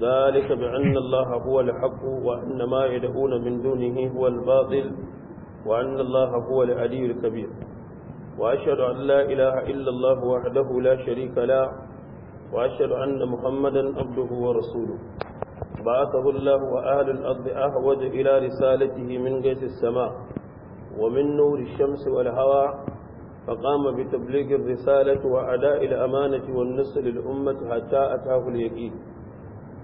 ذلك بأن الله هو الحق وأن ما يدعون من دونه هو الباطل وأن الله هو العلي الكبير وأشهد أن لا إله إلا الله وحده لا شريك له وأشهد أن محمدا عبده ورسوله بعثه الله وأهل الأرض أهود إلى رسالته من قيس السماء ومن نور الشمس والهواء فقام بتبليغ الرسالة وأداء الأمانة والنصر للأمة حتى أتاه اليقين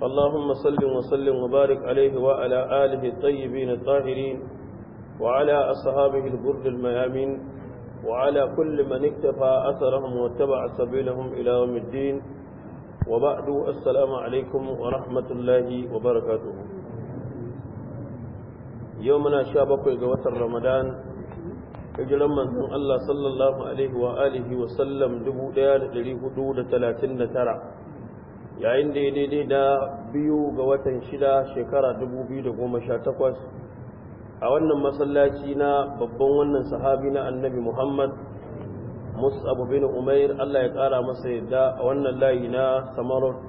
اللهم صل وسلم وبارك عليه وعلى آله الطيبين الطاهرين وعلى أصحابه البر الميامين وعلى كل من اكتفى أثرهم واتبع سبيلهم إلى يوم الدين وبعد السلام عليكم ورحمة الله وبركاته يومنا شابك وتر رمضان hijiran manzon Allah sallallahu alaihi wa alihi wa sallam 1439 yayin da ya daidai da biyu ga watan shida shekara 2018 a wannan masallaci na babban wannan sahabi na annabi muhammad musabu bin umair allah ya kara masa yadda a wannan layi na samarot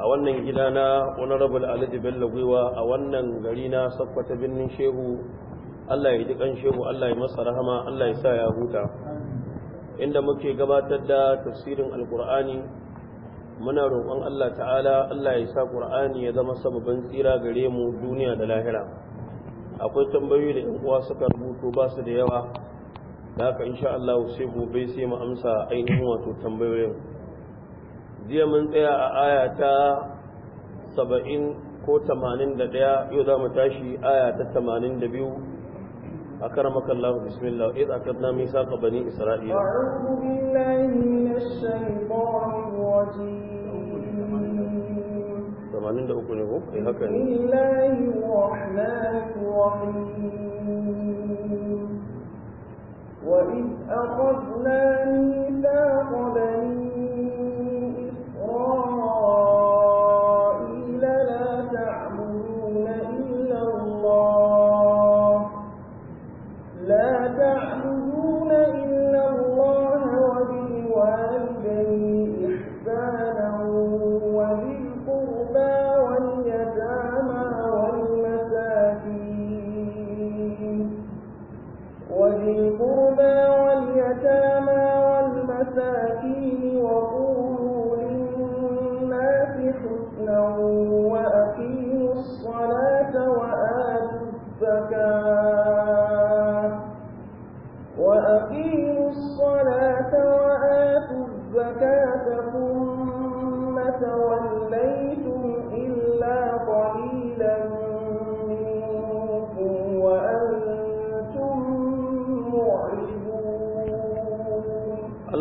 a wannan gida na honorable alhaji bello gwiwa a wannan gari na sakwata birnin shehu allah ya ji kan shehu allah ya masa rahama allah ya sa ya huta inda muke gabatar da tafsirin alkur'ani muna roƙon Allah ta'ala Allah ya sa Qur'ani ya zama sababin tsira gare mu duniya da lahira akwai tambayoyi da yan uwa suka rubuto ba su da yawa da haka insha Allah sai gobe sai mu amsa ainihin wato tambayoyin jiya mun tsaya a aya ta 70 ko 81 yau za mu tashi aya ta 82 أكرمك الله بسم الله إذ أكدنا ميثاق بني إسرائيل أعوذ بالله من الشيطان الرجيم ثمانين دقيقة نهو إيه هكذا بسم الله الرحمن الرحيم وإذ أخذنا ميثاق بني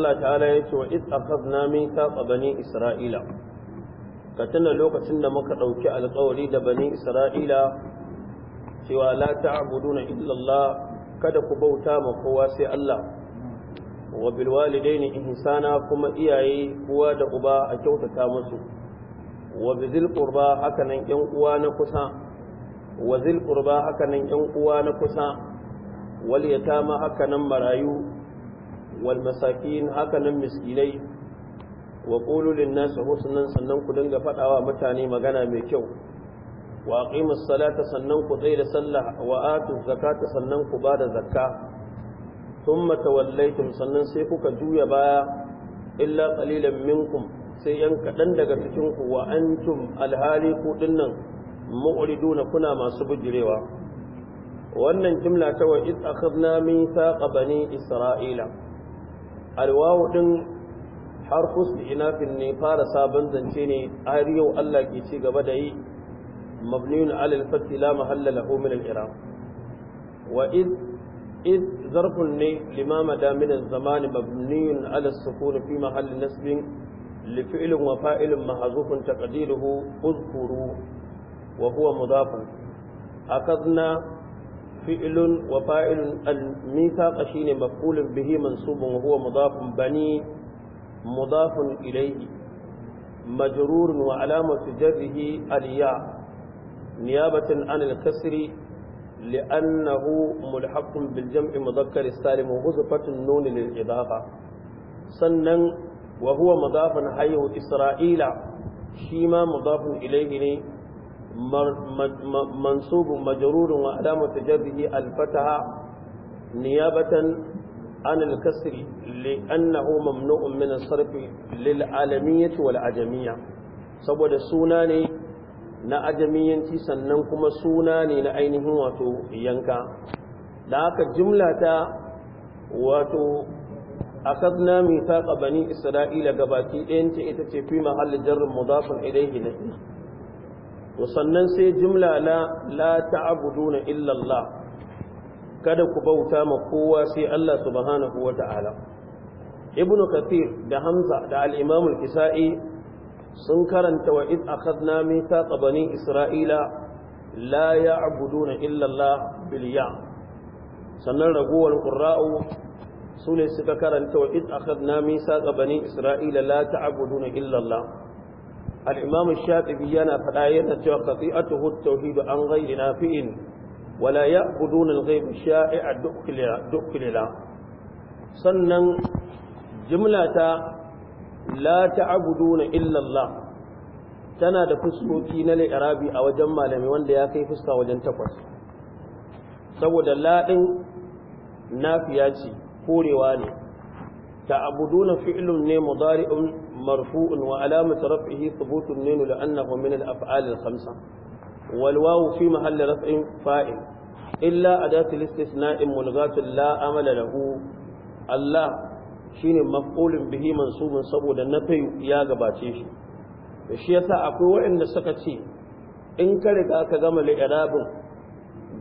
Allah ta'ala ya ce wa iz akhadna mithaqa bani isra'ila ka tuna lokacin da muka dauki alƙawari da bani isra'ila cewa la ta'buduna illa Allah kada ku bauta ma kowa sai Allah wa bil walidaini ihsana kuma iyaye uwa da uba a kyautata musu wa bizil qurba haka nan yan uwa na kusa wa zil qurba haka nan yan uwa na kusa wal yatama haka nan marayu wal masakin hakanan miskinai wa qulu lin nas husnan sannan ku dinga faɗawa mutane magana mai kyau wa aqimus salata sannan ku tsaya da sallah wa atu zakata sannan ku bada zakka thumma tawallaytum sannan sai kuka juya baya illa qalilan minkum sai yan kadan daga cikin ku wa antum alhali ku dinnan mu'riduna kuna masu bujirewa wannan jimla ta wa iz akhadna mithaqa bani isra'ila alwawu din harfus inafin ne fara sabon zance ne har yau Allah ke ci gaba da yi mabniyun alal fathi la mahalla lahu min al-i'rab wa id id zarfun ne limama da zamani az mabniyun ala sukun fi mahalli nasbin li fi'lin wa fa'ilin mahzufun taqdiruhu uzkuru wa huwa mudafun akadna fi'ilun wa fa'ilun al-mithaqa shine maf'ulun bihi mansubun wa huwa mudafun bani mudafun ilayhi majrurun wa alamatu jarrihi al-ya niyabatan an al-kasri لأنه ملحق بالجمع مذكر السالم وغزفة النون للإضافة سنن وهو مضاف حيه إسرائيل شيما مضاف إليه منصوب مجرور وعلامة جره الفتحة نيابة عن الكسر لأنه ممنوع من الصرف للعالمية والعجمية saboda suna ne na ajamiyanci sannan kuma suna ne na ainihin wato yanka da haka jimla ta wato akadna mithaqa bani isra'ila gabaki ɗayan ce ita ce fi mahallin jarrin zafin idan na to sannan sai jimla na la ta'buduna illa illallah kada ku bauta ma kowa sai Allah subhanahu ta'ala. ibnu kathir da hamza da al-imam al-kisai sun karanta wa id akhadna mithaqa bani isra'ila la ya'buduna illa Allah bil ya sannan raguwar qurra'u ne suka karanta wa id akhadna mithaqa bani isra'ila la ta'buduna illa Allah الإمام الشاطبي ينا فلا يتسوى خطيئته التوحيد عن غير نافع ولا يأخذون الغيب الشائع دكللا sannan jimla ta la ta'buduna illa Allah tana da fuskoki na al a wajen malami wanda ya kai fuska wajen takwas saboda la din nafiya ce korewa ne ta'buduna fi'lun ne mudari'un مرفوع وعلامة رفعه ثبوت النين لأنه من الأفعال الخمسة والواو في محل رفع فائل إلا أداة الاستثناء ملغاة لا أمل له الله شين مفعول به منصوب صبو النفي يا غباتيش shi yasa akwai waɗanda suka ce in ka riga ka gama li'irabin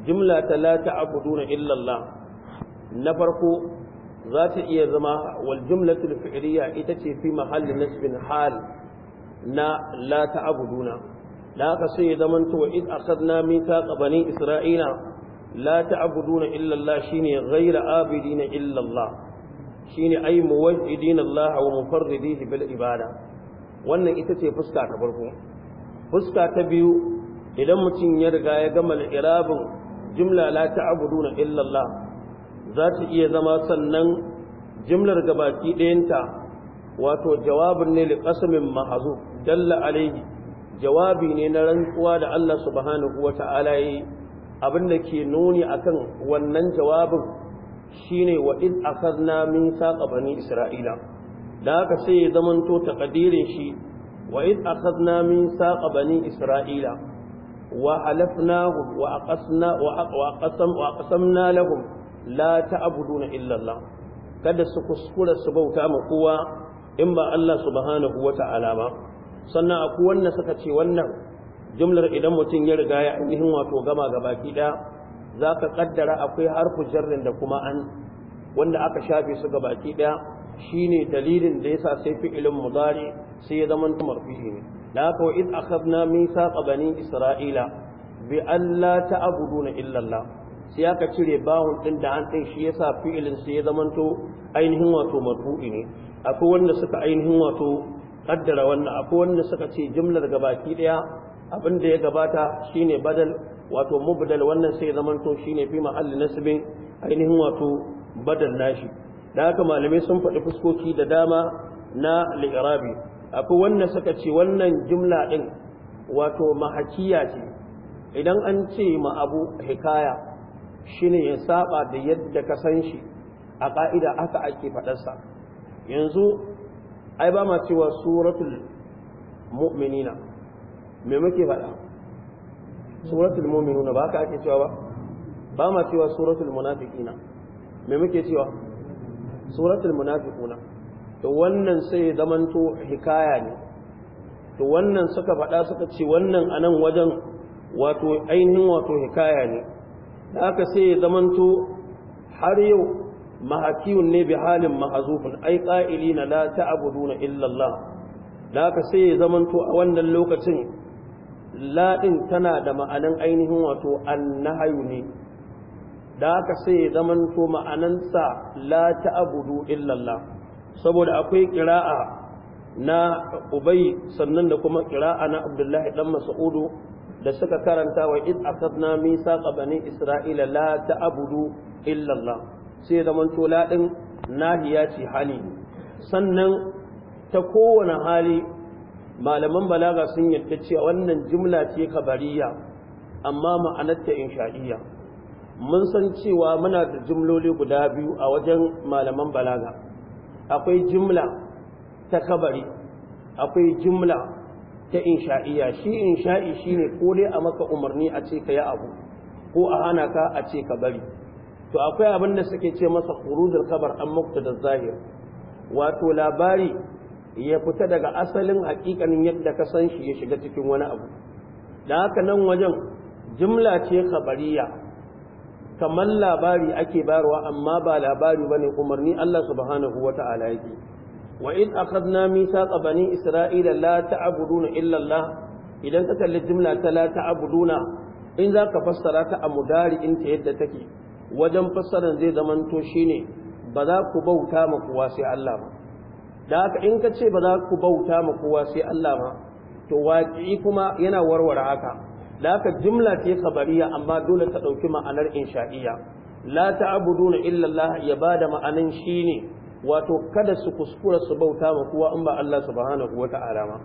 jimla ta la ta'buduna illa Allah na farko za ta iya zama wal jumlatul fi'liya ita ce fi mahallin nasbin hal na la ta'buduna da haka sai ya zama to id akhadna mithaqa bani isra'ila la ta'buduna illa Allah shine ghayra abidina illa Allah shine ay muwahhidina Allah wa mufarridihi bil ibada wannan ita ce fuska ta farko fuska ta biyu idan mutum ya riga ya gama irabin jumla la ta'buduna illa Allah za ta iya zama sannan jimlar gabaki ɗayanta wato jawabin ne liƙasamin mahazu dalla alaihi jawabi ne na rantsuwa da Allah subhanahu wa ta'ala yi abinda ke nuni akan wannan jawabin shine wa id akhadna min saqa bani isra'ila da haka sai ya zamanto takadirin shi wa id akhadna min saqa bani isra'ila wa alafnahu wa aqasna wa aqasam wa aqasamna lahum la ta'buduna illa Allah kada su kuskura su bauta ma kowa in ba Allah subhanahu wata'ala ba sannan akwai wanda suka ce wannan jumlar idan mutum ya riga ya ainihin wato gama gabaki daya zaka kaddara akwai harfu jarrin da kuma an wanda aka shafe su gabaki daya shine dalilin da yasa sai fi'ilin mudari sai ya zama marfi'i ne da haka wa id akhadna mithaqa bani isra'ila bi alla ta'buduna illa Allah sai aka cire bawun din da an din shi yasa fi'ilin sai ya zamanto ainihin wato marfu'i ne akwai wanda suka ainihin wato kaddara wannan akwai wanda suka ce jumlar gabaki daya abin da ya gabata shine badal wato mubdal wannan sai ya zamanto shine fi mahalli nasibin ainihin wato badal nashi da haka malamai sun faɗi fuskoki da dama na li'irabi akwai wanda suka ce wannan jumla din wato mahakiya ce idan an ce ma abu hikaya ne ya saba da yadda ka san shi a ƙa'ida haka ake faɗarsa yanzu ai ba ma cewa suratul mu'minina me muke faɗa suratul mu'minuna ba haka ake cewa ba ba ma cewa suratul munafiqina me muke cewa suratul munafiquna to wannan sai zamanto hikaya ne to wannan suka faɗa suka ce wannan anan wajen wato ainihin wato hikaya ne da aka sai ya zamanto har yau mahakiyun ne bi halin mahazufin ai ƙa'ili na la ta'abudu na illallah da aka sai ya zamanto a wannan lokacin laɗin tana da ma'anan ainihin wato annahayu ne da aka sai ya zamanto ma'anansa la ta'abudu illallah saboda akwai ƙira'a na ubai sannan da kuma ƙira'a na abdullahi ɗan masa'udu da suka karanta wa id akadna misa qabani isra'ila la ta'budu illa Allah sai zaman to nahiya ce hali sannan ta kowane hali malaman balaga sun yadda cewa wannan jumla ce kabariya amma ma'anarta insha'iyya mun san cewa muna da jumloli guda biyu a wajen malaman balaga akwai jumla ta kabari akwai jumla ta insha'iya shi insha'i shine ko dai a maka umarni a ce ka yi abu ko a hana ka a ce ka bari to akwai abin da suke ce masa khuruzul kabar an da zahir wato labari ya fita daga asalin hakikanin yadda ka san shi ya shiga cikin wani abu da haka nan wajen jimla ce khabariya kamar labari ake barwa amma ba labari bane umarni Allah subhanahu wata'ala yake wa in akhadna mithaqa bani isra'ila la ta'buduna illa Allah idan ka kalli jumla ta la ta'buduna in za ka fassara ta a mudari in ta yadda take wajen fassaran zai zamanto shine ba za ku bauta ma kowa sai Allah ba da haka in ka ce ba za ku bauta ma kowa sai Allah ba to waƙi kuma yana warware haka da haka jumla ce khabariya amma dole ta ɗauki ma'anar insha'iyya la ta'buduna illa Allah ya bada ma'anan shine wato kada su kuskura su bauta ma kowa in ba Allah subhanahu wata'ala ma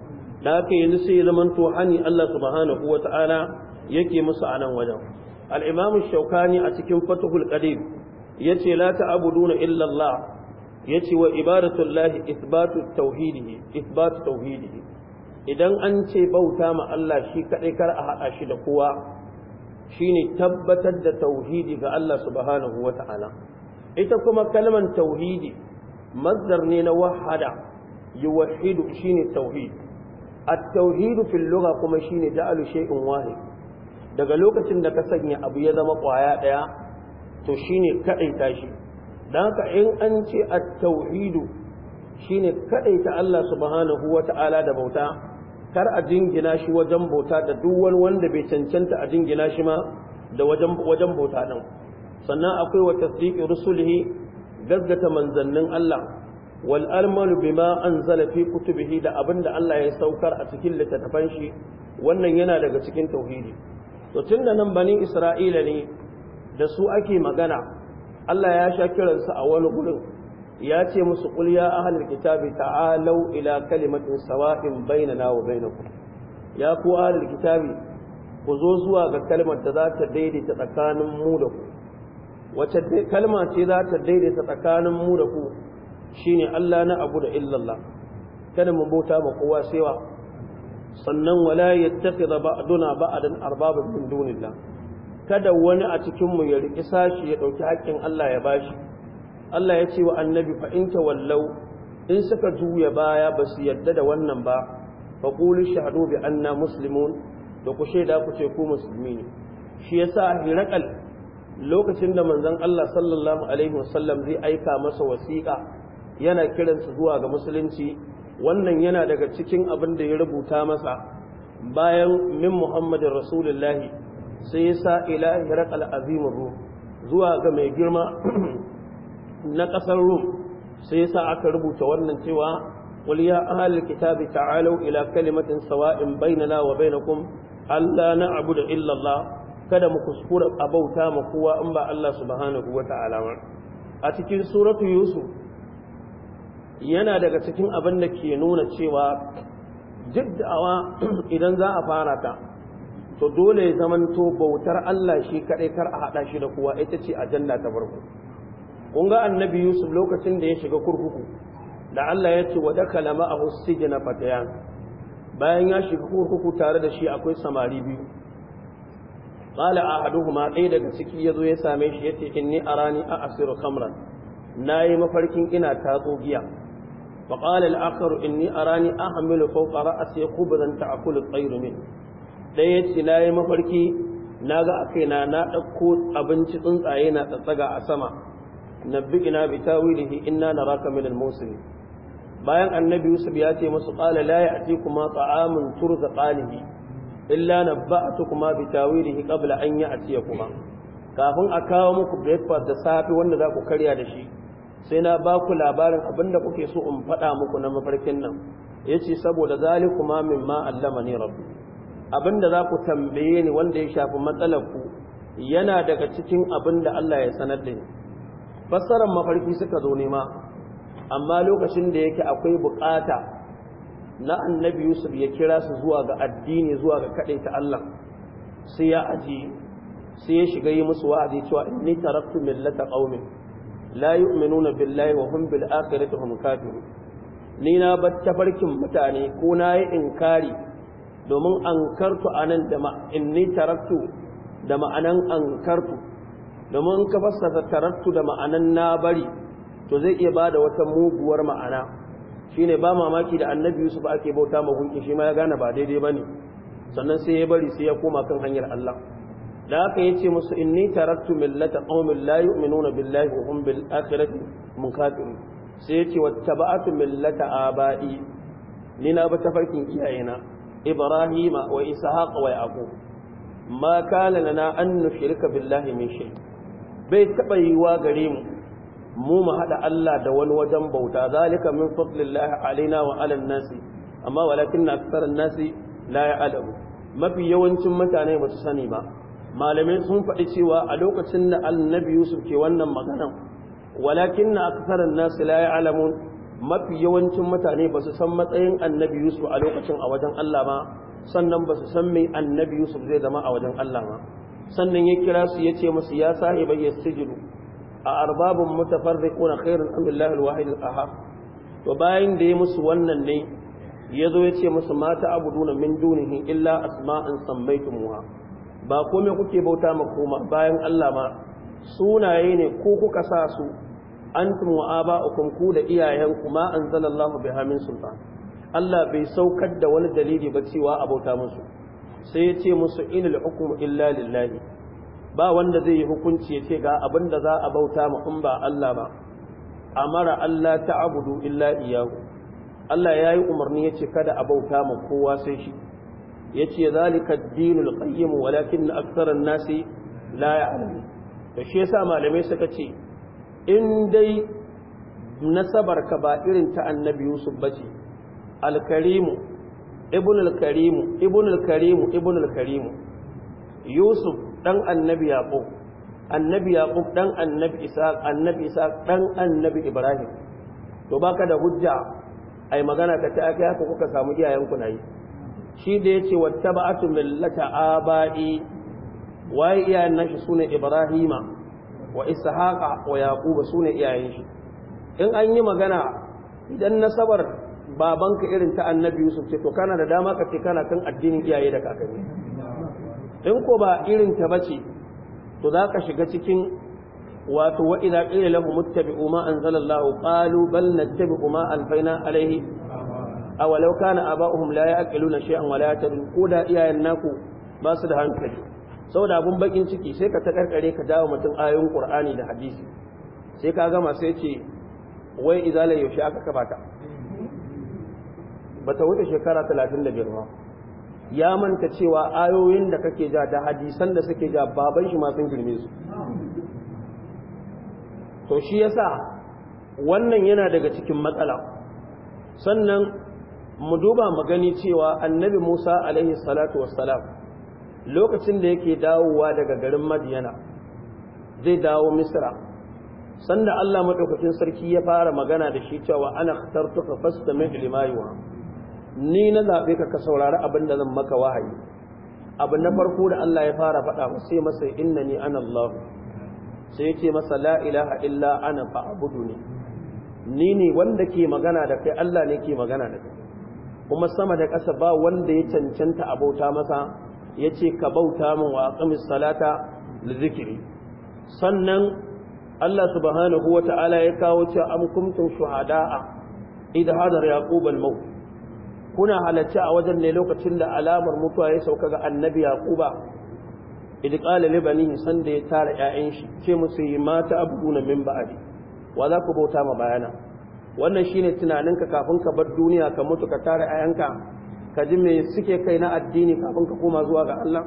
da haka yanzu sai zaman to hani Allah subhanahu wata'ala yake musu a nan wajen al-imam shaukani a cikin fatuhul qadir yace la ta'buduna illa Allah yace wa ibadatullahi ithbatu tauhidihi ithbatu tauhidihi idan an ce bauta ma Allah shi kadai kar a hada shi da kowa shine tabbatar da tauhidi ga Allah subhanahu wata'ala ita kuma kalmar tauhidi masdar ne na wahada yuwahhidu shine tauhid at-tauhid fil kuma shine ja'alu shay'in wahid daga lokacin da ka sanya abu ya zama kwaya daya to shine kadaita shi dan haka in an ce at-tauhid shine kadaita Allah subhanahu wata'ala da bauta kar a jingina shi wajen bauta da duk wani wanda bai cancanta a jingina shi ma da wajen bauta din sannan akwai wa tasdiqi rusulihi gaggata manzannin Allah wal ma bima anzala fi kutubihi da abinda Allah ya saukar a cikin littattafan shi wannan yana daga cikin tauhidi to da nan bani Isra'ila ne da su ake magana Allah ya sha kiransu a wani gurin ya ce musu qul ya ahlul kitabi ta'alu ila kalimatin sawa'in bainana wa bainakum ya ku ahlul kitabi ku zo zuwa ga kalmar da za ta daidaita tsakanin mu da ku wata kalma ce za ta daidaita tsakanin mu da ku shine Allah na abu da illallah kada mu bauta ma kowa sai wa sannan wala yattakhidha ba'duna ba'dan arbabin min dunillah kada wani a cikin mu ya riki sashi ya ɗauki haƙƙin Allah ya bashi Allah ya ce wa annabi fa wallau. in suka juya baya ba su yadda da wannan ba fa qulu shahadu bi anna muslimun da ku shaida ku ce ku musulmi ne shi yasa hirakal lokacin da manzon Allah sallallahu alaihi wasallam zai aika masa wasiƙa yana kiransu zuwa ga musulunci wannan yana daga cikin abin da ya rubuta masa bayan min muhammadin Rasulullah sai ya sa ila hirakal azimin ruh zuwa ga mai girma na ƙasar rum sai ya sa aka rubuta wannan cewa قل يا kitabi الكتاب ila إلى sawain wa بيننا Allah Na abu da illallah. kada mu kuskura a bauta ma kowa in ba Allah subhanahu wa ta'ala ba a cikin suratu yusuf yana daga cikin abin da ke nuna cewa jiddawa idan za a fara ta to dole ya zamanto bautar Allah shi kaɗai kar a haɗa shi da kowa ita ce ajanda ta farko kun ga annabi yusuf lokacin da ya shiga kurkuku da Allah ya ce wa dakala ma'ahu sijna fatayan bayan ya shiga kurkuku tare da shi akwai samari biyu qala ahaduhuma ɗaya daga ciki yazo ya same shi yace inni arani a asiru khamran nayi mafarkin ina tatso giya fa qala al-akhar inni arani ahmilu fawqa ra'si khubzan a at-tayr min ɗaya yace nayi mafarki naga akaina na dauko abinci tsuntsaye na tsatsaga a sama nabbi'ina bi tawilihi inna naraka min al-muslimin bayan annabi yusuf ya ce musu qala la ya'tikuma ta'amun turzaqanihi illa nabba'tukuma bi tawilihi kabla an kuma. kafin a kawo muku breakfast da safi wanda za ku karya da shi sai na ba ku labarin abinda kuke so in faɗa muku na mafarkin nan yace saboda zali zalikuma mimma allamani rabbi abinda za ku tambaye ni wanda ya shafi matsalar ku yana daga cikin abinda Allah ya sanar da ni fassarar mafarki suka zo nema amma lokacin da yake akwai bukata na annabi yusuf ya kira su zuwa ga addini zuwa ga ta allah sai ya aji sai ya shiga yi musu wa'azi cewa inni taraktu millata qaumin la yu'minuna billahi wa hum bil akhirati hum kafirun ni na ta farkin mutane ko na yi inkari domin ankartu anan da ma inni taraktu da ma'anan ankartu domin ka fassara taraktu da ma'anan na bari to zai iya bada wata muguwar ma'ana ne ba mamaki da annabi yusuf ake bauta ma gunki shi ma ya gane ba daidai ne? sannan sai ya bari sai ya koma kan hanyar Allah da haka yace musu inni taraktu millata qaumin la yu'minuna billahi wa hum bil akhirati munkafirun sai yace wattaba'tu millata aba'i ni na ba tafarkin iyayena ibrahima wa ishaqa wa yaqub ma kana lana an nushrika billahi min shay bai taba yiwa gare mu mu mu hada Allah da wani wajen bauta zalika min fadlillahi alaina wa ala nasi amma walakin aktharun nasi la ya'lamu mafi yawancin mutane ba su sani ba malamai sun faɗi cewa a lokacin da annabi Yusuf ke wannan maganan walakin aktharun nasi la ya'lamun mafi yawancin mutane ba su san matsayin annabi Yusuf a lokacin a wajen Allah ba sannan ba su san me annabi Yusuf zai zama a wajen Allah ba sannan ya kira su ya ce musu ya sahibai ya sijiru أأرباب متفرقون خير أم الله الواحد الأحد وباين دي مسوانا ني يذو يتي مسما تعبدون من دونه إلا أسماء سميتموها ba komai kuke bauta ma koma bayan Allah ma sunaye ne ko kuka sa su antum wa aba'ukum ku da iyayenku ma anzalallahu biha min sultan Allah bai saukar da wani dalili ba cewa abota musu sai ya ce musu inal hukmu illa lillahi ba wanda zai yi hukunci ya ce ga abin da za a bauta ma in ba Allah ba amara Allah ta'budu illa iyyahu Allah yayi umarni ce kada a bauta ma kowa sai shi yace zalika dinul qayyim walakin aktharan nasi la ya'lamun da shi yasa malamai suka ce in dai nasabarka ba irin ta annabi Yusuf bace alkarimu karimu ibn karimu karimu karimu Yusuf dan annabi yaqub annabi yaqub dan annabi isa annabi isa dan annabi ibrahim to baka da hujja ai magana ka ta kai haka kuka samu iyayen ku nayi shi da yace wattaba'atu millata aba'i waye iyayen nashi sune ibrahima wa ishaqa wa yaquba sune iyayen shi in an yi magana idan nasabar babanka irin ta annabi yusuf ce to kana da dama ka ce kana kan addinin iyaye da kakanni in ko ba irin ta bace to za ka shiga cikin wato wa idza qila lahum muttabi'u ma anzalallahu qalu bal nattabi'u ma alfaina alayhi aw law kana aba'uhum la ya'qiluna shay'an wa la yahtadun ko da iyayen naku ba su da hankali saboda abun bakin ciki sai ka ta ka dawo mutum ayoyin qur'ani da hadisi sai ka gama sai ce wai idza yaushe aka kabata. bata ba ta wuce shekara 35 ba ya manta cewa ayoyin da kake ja da hadisan da suke ja baban shi masu girme su to shi yasa wannan yana daga cikin matsala sannan mu duba mu gani cewa annabi Musa alaihi salatu wassalam lokacin da yake dawowa daga garin Madiyana zai dawo Misra sanda Allah madaukakin sarki ya fara magana da shi cewa ana ikhtartuka da lima limayuwa ni na zaɓe ka ka saurari abin da zan maka wahayi abu na farko da Allah ya fara faɗa sai masa ni ana Allah sai ce masa la ilaha illa ana fa'budu ne ni ne wanda ke magana da kai Allah ne ke magana da kai kuma sama da ƙasa ba wanda ya cancanta bauta masa yace ka bauta min wa aqimis salata lizikiri sannan Allah subhanahu wa ta'ala ya kawo cewa am kuntum shuhada'a Idha hadara yaqub al-maut kuna halarci a wajen ne lokacin da alamar mutuwa ya sauka ga annabi yaquba idan qala bani san da ya tara 'ya'yan shi ce musu yi mata abuna min ba'di wa za ku bauta ma bayana wannan shine tunanin ka kafin ka bar duniya ka mutu ka tara 'ya'yanka ka ji me suke kai na addini kafin ka koma zuwa ga Allah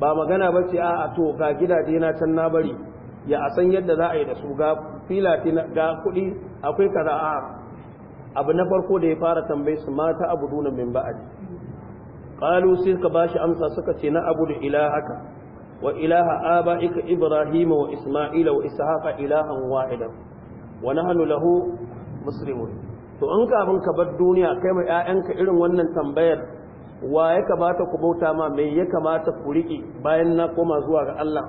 ba magana ba ce a to ga gidaje na can na bari ya san yadda za a yi da su ga filati ga kuɗi akwai kaza a abu na farko da ya fara tambayi su mata abu duna min ba'adi qalu sai ka bashi amsa suka ce na abu da ilahaka wa ilaha abaika ibrahim wa isma'ila wa ishaqa ilahan wahida wa nahnu lahu muslimun to an kafin ka bar duniya kai mai ƴaƴanka irin wannan tambayar wa ya kamata ku bauta ma mai ya kamata ku riƙe bayan na koma zuwa ga Allah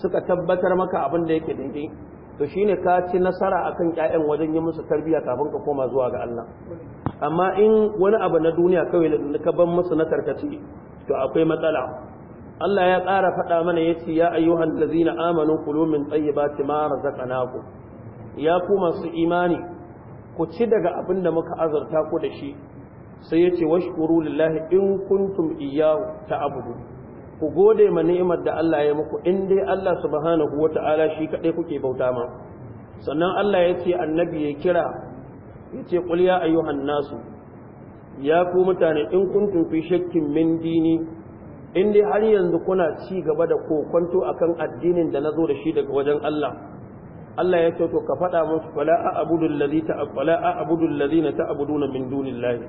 suka tabbatar maka abin da yake daidai to shi ne ka ci nasara a kan ƴaƴan wajen yi musu tarbiyya kafin ka koma zuwa ga Allah amma in wani abu na duniya kawai ka ban musu na tarkaci to akwai matsala Allah ya ƙara faɗa mana ya ce ya ayyuhan lazina amanu kulu min tayyibati ma razaqnakum ya ku masu imani ku ci daga abin da muka azurta ku da shi sai ya ce washkuru lillahi in kuntum ta abudu. ku gode ma ni'imar da Allah ya muku in dai Allah subhanahu wata'ala shi kadai kuke bauta ma sannan Allah ya ce annabi ya kira ya ce qul ya ayyuhan nasu ya ku mutane in kuntum fi shakkin min dini in dai har yanzu kuna ci gaba da kokonto akan addinin da nazo da shi daga wajen Allah Allah ya ce to ka faɗa musu fala a'budu allazi ta'budu allazina ta'buduna min dunillahi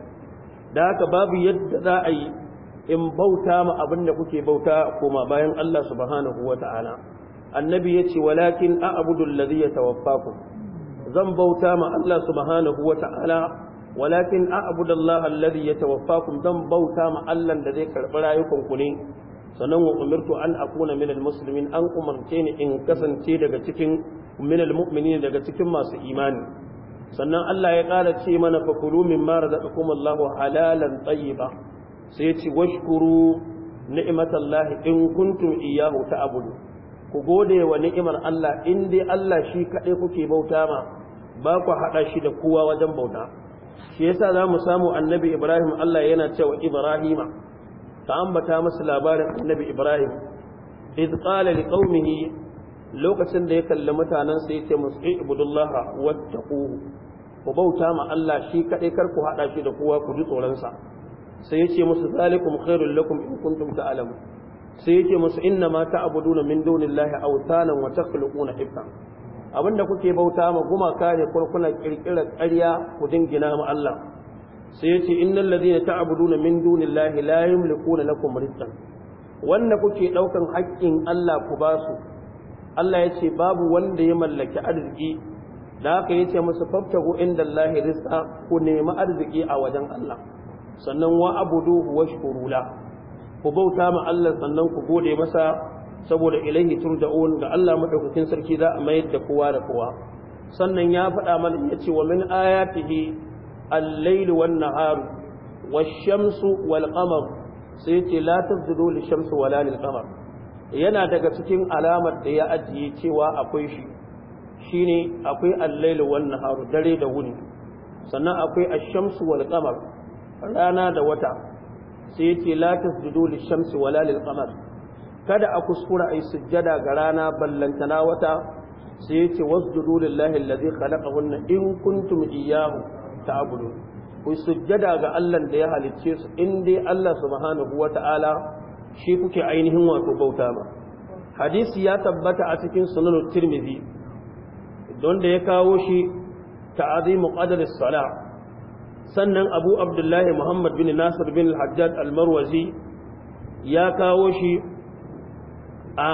da haka babu yadda za a yi in bauta ma abin da kuke bauta koma bayan Allah subhanahu wa ta'ala annabi ya ce walakin a abudun ladhi ya tawaffa ku." zan bauta ma Allah subhanahu wa ta'ala walakin a abudun Allah alladhi ya tawaffa ku, zan bauta ma Allah da zai karɓi rayukanku ne sannan wa umirtu an akuna min al-Musulmin, an umarce ni in kasance daga cikin min almu'minin daga cikin masu imani sannan Allah ya ƙara ce mana fa fakulu mimma razaqakum Allahu halalan tayyiba sai ya ce washkuru ni'matallahi in kuntum iyyahu ta'budu ku gode wa ni'imar Allah in dai Allah shi kadai kuke bauta ma ba ku hada shi da kowa wajen bauta shi yasa mu samu annabi Ibrahim Allah yana cewa Ibrahima ta ambata masa labarin annabi Ibrahim idh qala liqaumihi lokacin da ya kalli mutanen sai yace musu ibudullah wattaquhu ku bauta ma Allah shi kadai kar ku hada shi da kowa ku ji tsoron sa sai yace musu zalikum khairul lakum in kuntum ta'lamun sai yace musu inna ma ta'buduna min dunillahi awtanan wa takhluquna ibtan abinda kuke bauta ma gumaka ne kuna kirkira ƙarya ku dingina ma Allah sai yace innal ladina ta'buduna min dunillahi la yamlikuna lakum rizqan wanda kuke daukan haƙƙin Allah ku basu Allah yace babu wanda ya mallaki arziki da haka yace musu faftahu inda Allah rizqa ku nemi arziki a wajen Allah sannan wa abudu wa shukurula ku bauta ma Allah sannan ku gode masa saboda ilahi turja'un ga Allah madaukakin sarki za a mayar da kowa da kowa sannan ya faɗa mana ya ce wa min ayatihi al-lailu wan-naharu wash-shamsu wal-qamar sai ce la tazdu lish-shamsi wala lil-qamar yana daga cikin alamar da ya ajiye cewa akwai shi shine akwai al-lailu wan-naharu dare da wuni sannan akwai ash-shamsu wal-qamar rana da wata sai latas la tasjudu shamsi wala kamar, kada a kuskura yi sujjada ga rana ballantana wata sai yace wasjudu lillahi alladhi khalaqahunna in kuntum ta ta'budun ku sujjada ga Allah da ya halicce su in dai Allah subhanahu Ta'ala, shi kuke ainihin wato bauta ba hadisi ya tabbata a cikin sunanar tirmidhi don da ya kawo shi ta'azimu qadar as-salah sannan abu abdullahi muhammad bin nasir bin hajjad marwazi ya kawo shi a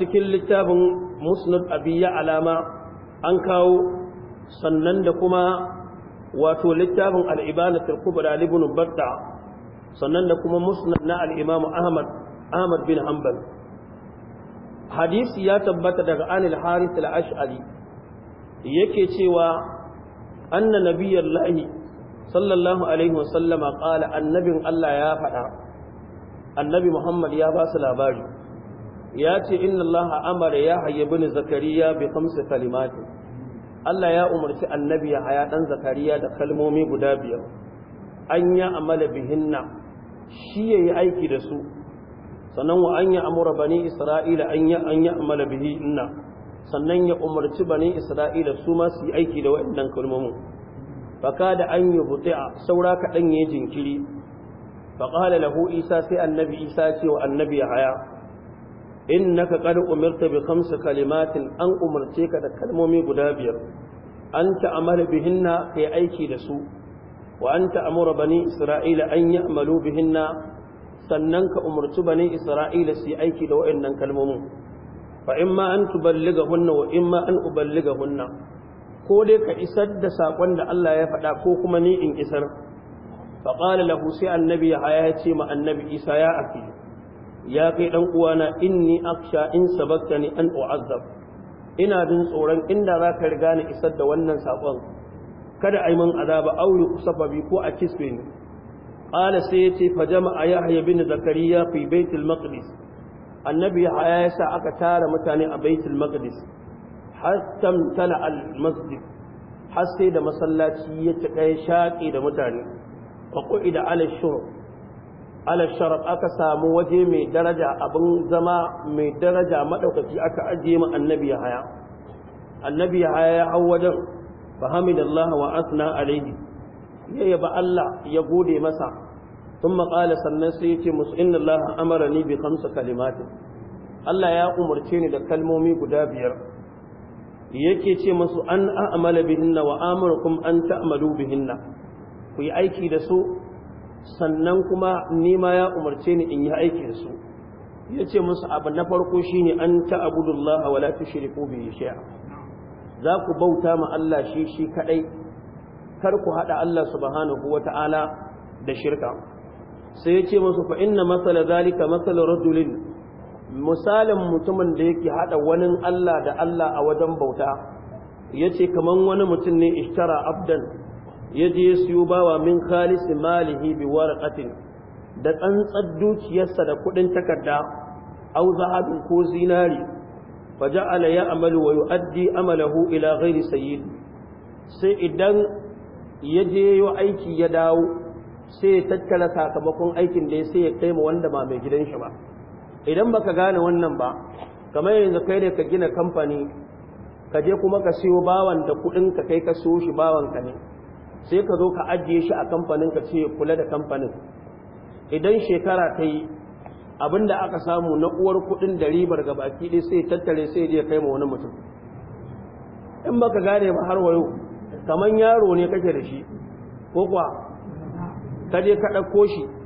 cikin littafin musnad abiyya alama an kawo sannan da kuma wato littafin al'ibanatar kubra libin barta sannan da kuma musnad na al'imamu ahmad ahmad bin hanbal hadisi ya tabbata daga anil harith al-ash'ari yake cewa anna nabiyallahi sallallahu alaihi wasallama qala annabin Allah ya faɗa annabi Muhammad ya ba su labari ya ce inna Allah amara ya hayya bin zakariya bi khamsi kalimati Allah ya umarci annabi ya haya dan zakariya da kalmomi guda biyar an ya amala bihinna shi ya yi aiki da su sannan wa an ya amura bani isra'ila an ya an ya amala bihinna sannan ya umarci bani isra'ila su ma su yi aiki da waɗannan kalmomin faka da an yi buɗi'a saura kaɗan ya jinkiri da lahu isa sai annabi isa ce wa annabi ya haya in naka kad umirta bi kamsa kalimatin an umarce ka da kalmomi guda biyar an ta'amala bihinna kai aiki da su wa an ta'amura bani isra'ila an ya'malu bihinna sannan ka umarci bani isra'ila su yi aiki da wa'annan kalmomin fa ma an tuballiga hunna wa imma an uballiga hunna ko dai ka isar da saƙon da Allah ya faɗa ko kuma ni in isar faƙala lahu sai annabi ya haya ya ce ma annabi isa ya afi ya kai ɗan uwana ni aksha in sabakta ni an u'azzab ina jin tsoron inda za ka riga ni isar da wannan saƙon kada a yi min azaba aure kusafa bi ko a kisbe ni ƙala sai ya ce fa jama'a yahya bin zakariya fi baitul maqdis annabi ya haya ya sa aka tara mutane a baitul maqdis hastam tala al-masjid har sai da masallaci ya cika ya shaƙe da mutane wa qu'ida ala shurub ala aka samu waje mai daraja abin zama mai daraja madaukaki aka ajiye mu annabi haya annabi haya ya hau wajen fa hamidallahi wa asna alayhi ya yaba Allah ya gode masa ثم maƙala sannan sai yace musu inna Allah amara ni bi khamsa kalimatin Allah ya umarce ni da kalmomi guda biyar yake ce masu an a'amala bihinna wa amurkum an ta'amalu bihinna ku yi aiki da su sannan kuma nima ya umarce ni in yi aiki da su Yace ce musu abu na farko shine an ta'abudullaha wa la tushriku bihi shay'a za ku bauta ma Allah shi shi kadai kar ku hada Allah subhanahu wata'ala da shirka sai yace masu, musu fa inna masala zalika masala rajulin misalin mutumin da yake hada wani Allah da Allah a wajen bauta ya ce kamar wani mutum ne ishtara abdan yaje ya siyo bawa min khalisi malihi bi warqatin da tsantsar dukiyarsa da kuɗin takarda aw zahabin ko zinari ya amalu wa yu'addi amalahu ila ghairi sayyid sai idan ya je yi aiki ya dawo sai ya tattala sakamakon aikin da ya sai ya kai wanda ba mai gidan shi ba idan baka gane wannan ba kamar yanzu kai ne ka gina kamfani ka je kuma ka siyo bawan da kudin ka kai ka siyo shi bawan ka ne sai ka zo ka ajiye shi a kamfanin ka ce kula da kamfanin idan shekara ta yi abinda aka samu na uwar kudin da ribar ga baki ɗaya sai tattare sai je kai ma wani mutum in baka gane ba har wayo kaman yaro ne kake da shi ko kuwa ka je ka ɗauko shi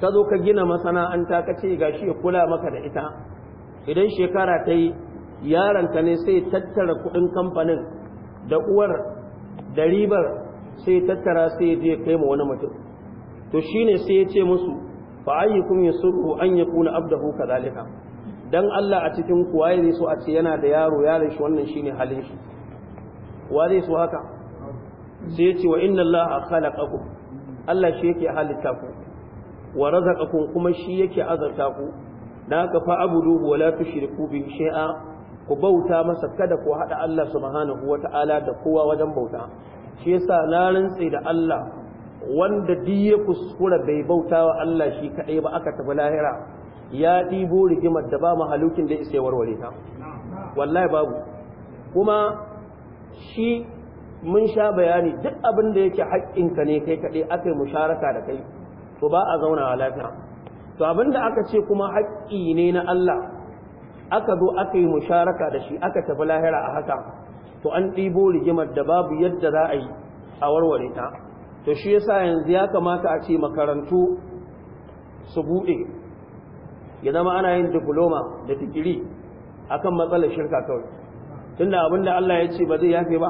ka zo ka gina masana'anta ka ce ga shi kula maka da ita idan shekara ta yi yaronka ne sai tattara kudin kamfanin da uwar da ribar sai tattara sai je kai ma wani mutum to shi ne sai ya ce musu fa ayyukum yasurru an da abdahu kadhalika dan Allah a cikin ku ya so a ce yana da yaro yaron shi wannan shine halin shi wa zai so haka sai ya ce wa inna Allah khalaqakum Allah shi yake halitta ku wa razaqakum kuma shi yake azarta ku na kafa fa abuduhu wa la tushriku bihi shay'a ku bauta masa kada ku hada Allah subhanahu Ta'ala da kowa wajen bauta shi yasa na rantsi da Allah wanda duk ya kuskura bai bauta wa Allah shi kadai ba aka tafi lahira ya ɗibo rigimar da ba mahalukin da isa warware ta wallahi babu kuma shi mun sha bayani duk abin da yake haƙƙinka ne kai kaɗai aka yi musharaka da kai to ba a zauna a lafiya to abinda aka ce kuma haƙƙi ne na Allah aka zo aka yi musharaka da shi aka tafi lahira a haka to an ɗibo rigimar da babu yadda za a yi a warware ta to shi yasa yanzu ya kamata a ce makarantu su buɗe ya zama ana yin diploma da digiri kan matsalar shirka kawai tunda da Allah ya ce ba zai yafe ba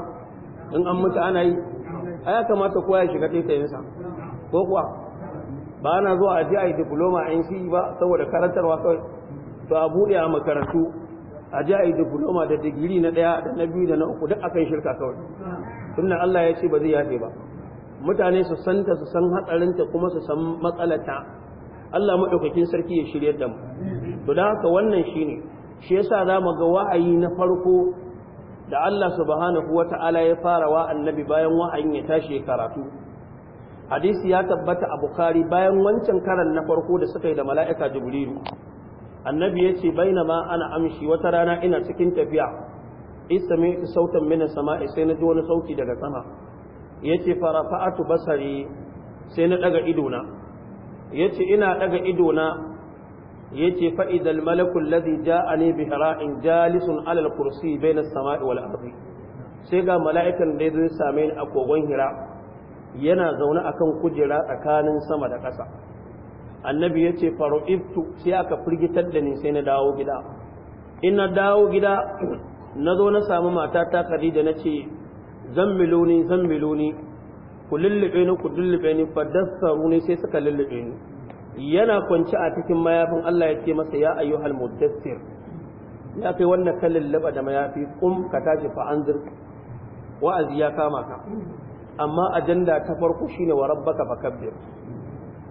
in an mutu ana yi a ya kamata kowa ya shiga taitayinsa ko kuwa ba na zuwa a ji a yi diploma yin shi e ba saboda karantarwa kawai to a buɗe a makarantu a ji a yi diploma da digiri na ɗaya da na biyu da na uku duk akan shirka kawai da Allah ya ce ba zai yafe ba mutane su san ta su san hatsarinta kuma su san matsalata Allah maɗaukakin sarki ya shiryar da mu to da haka wannan shine shi yasa za mu ga wa'ayi na farko da Allah subhanahu wata'ala ya fara wa annabi bayan wa'ayin ya tashi karatu hadisi ya tabbata a bukari bayan wancan karan na farko da suka yi da mala'ika jibrilu annabi ya ce baina ma ana amshi wata rana ina cikin tafiya Isa mai isami sautan mina sama'i sai na ji wani sauki daga sama ya ce farafa'atu basari sai na daga idona ya ce ina daga idona ya ce fa'idal malakul ladhi ja'ani bi hara'in jalisun alal kursi bai na sama'i wal ardi sai ga mala'ikan da ya zai same ni a kogon hira yana zaune a kan kujera tsakanin sama da ƙasa annabi ya ce iftu sai aka firgitar da ni sai na dawo gida Ina dawo gida na zo na samu matata da na ce zan ni zan ni ku lullube ni ku lullube ni fadassaru ne sai suka lullube ni yana kwanci a cikin mayafin Allah ya ce masa ya ayyuhal mudassir ya kai wannan ka laba da mayafi kum ka tashi fa anzir wa'azi ya kama ka amma ajanda ta farko shine wa rabbaka fakabbir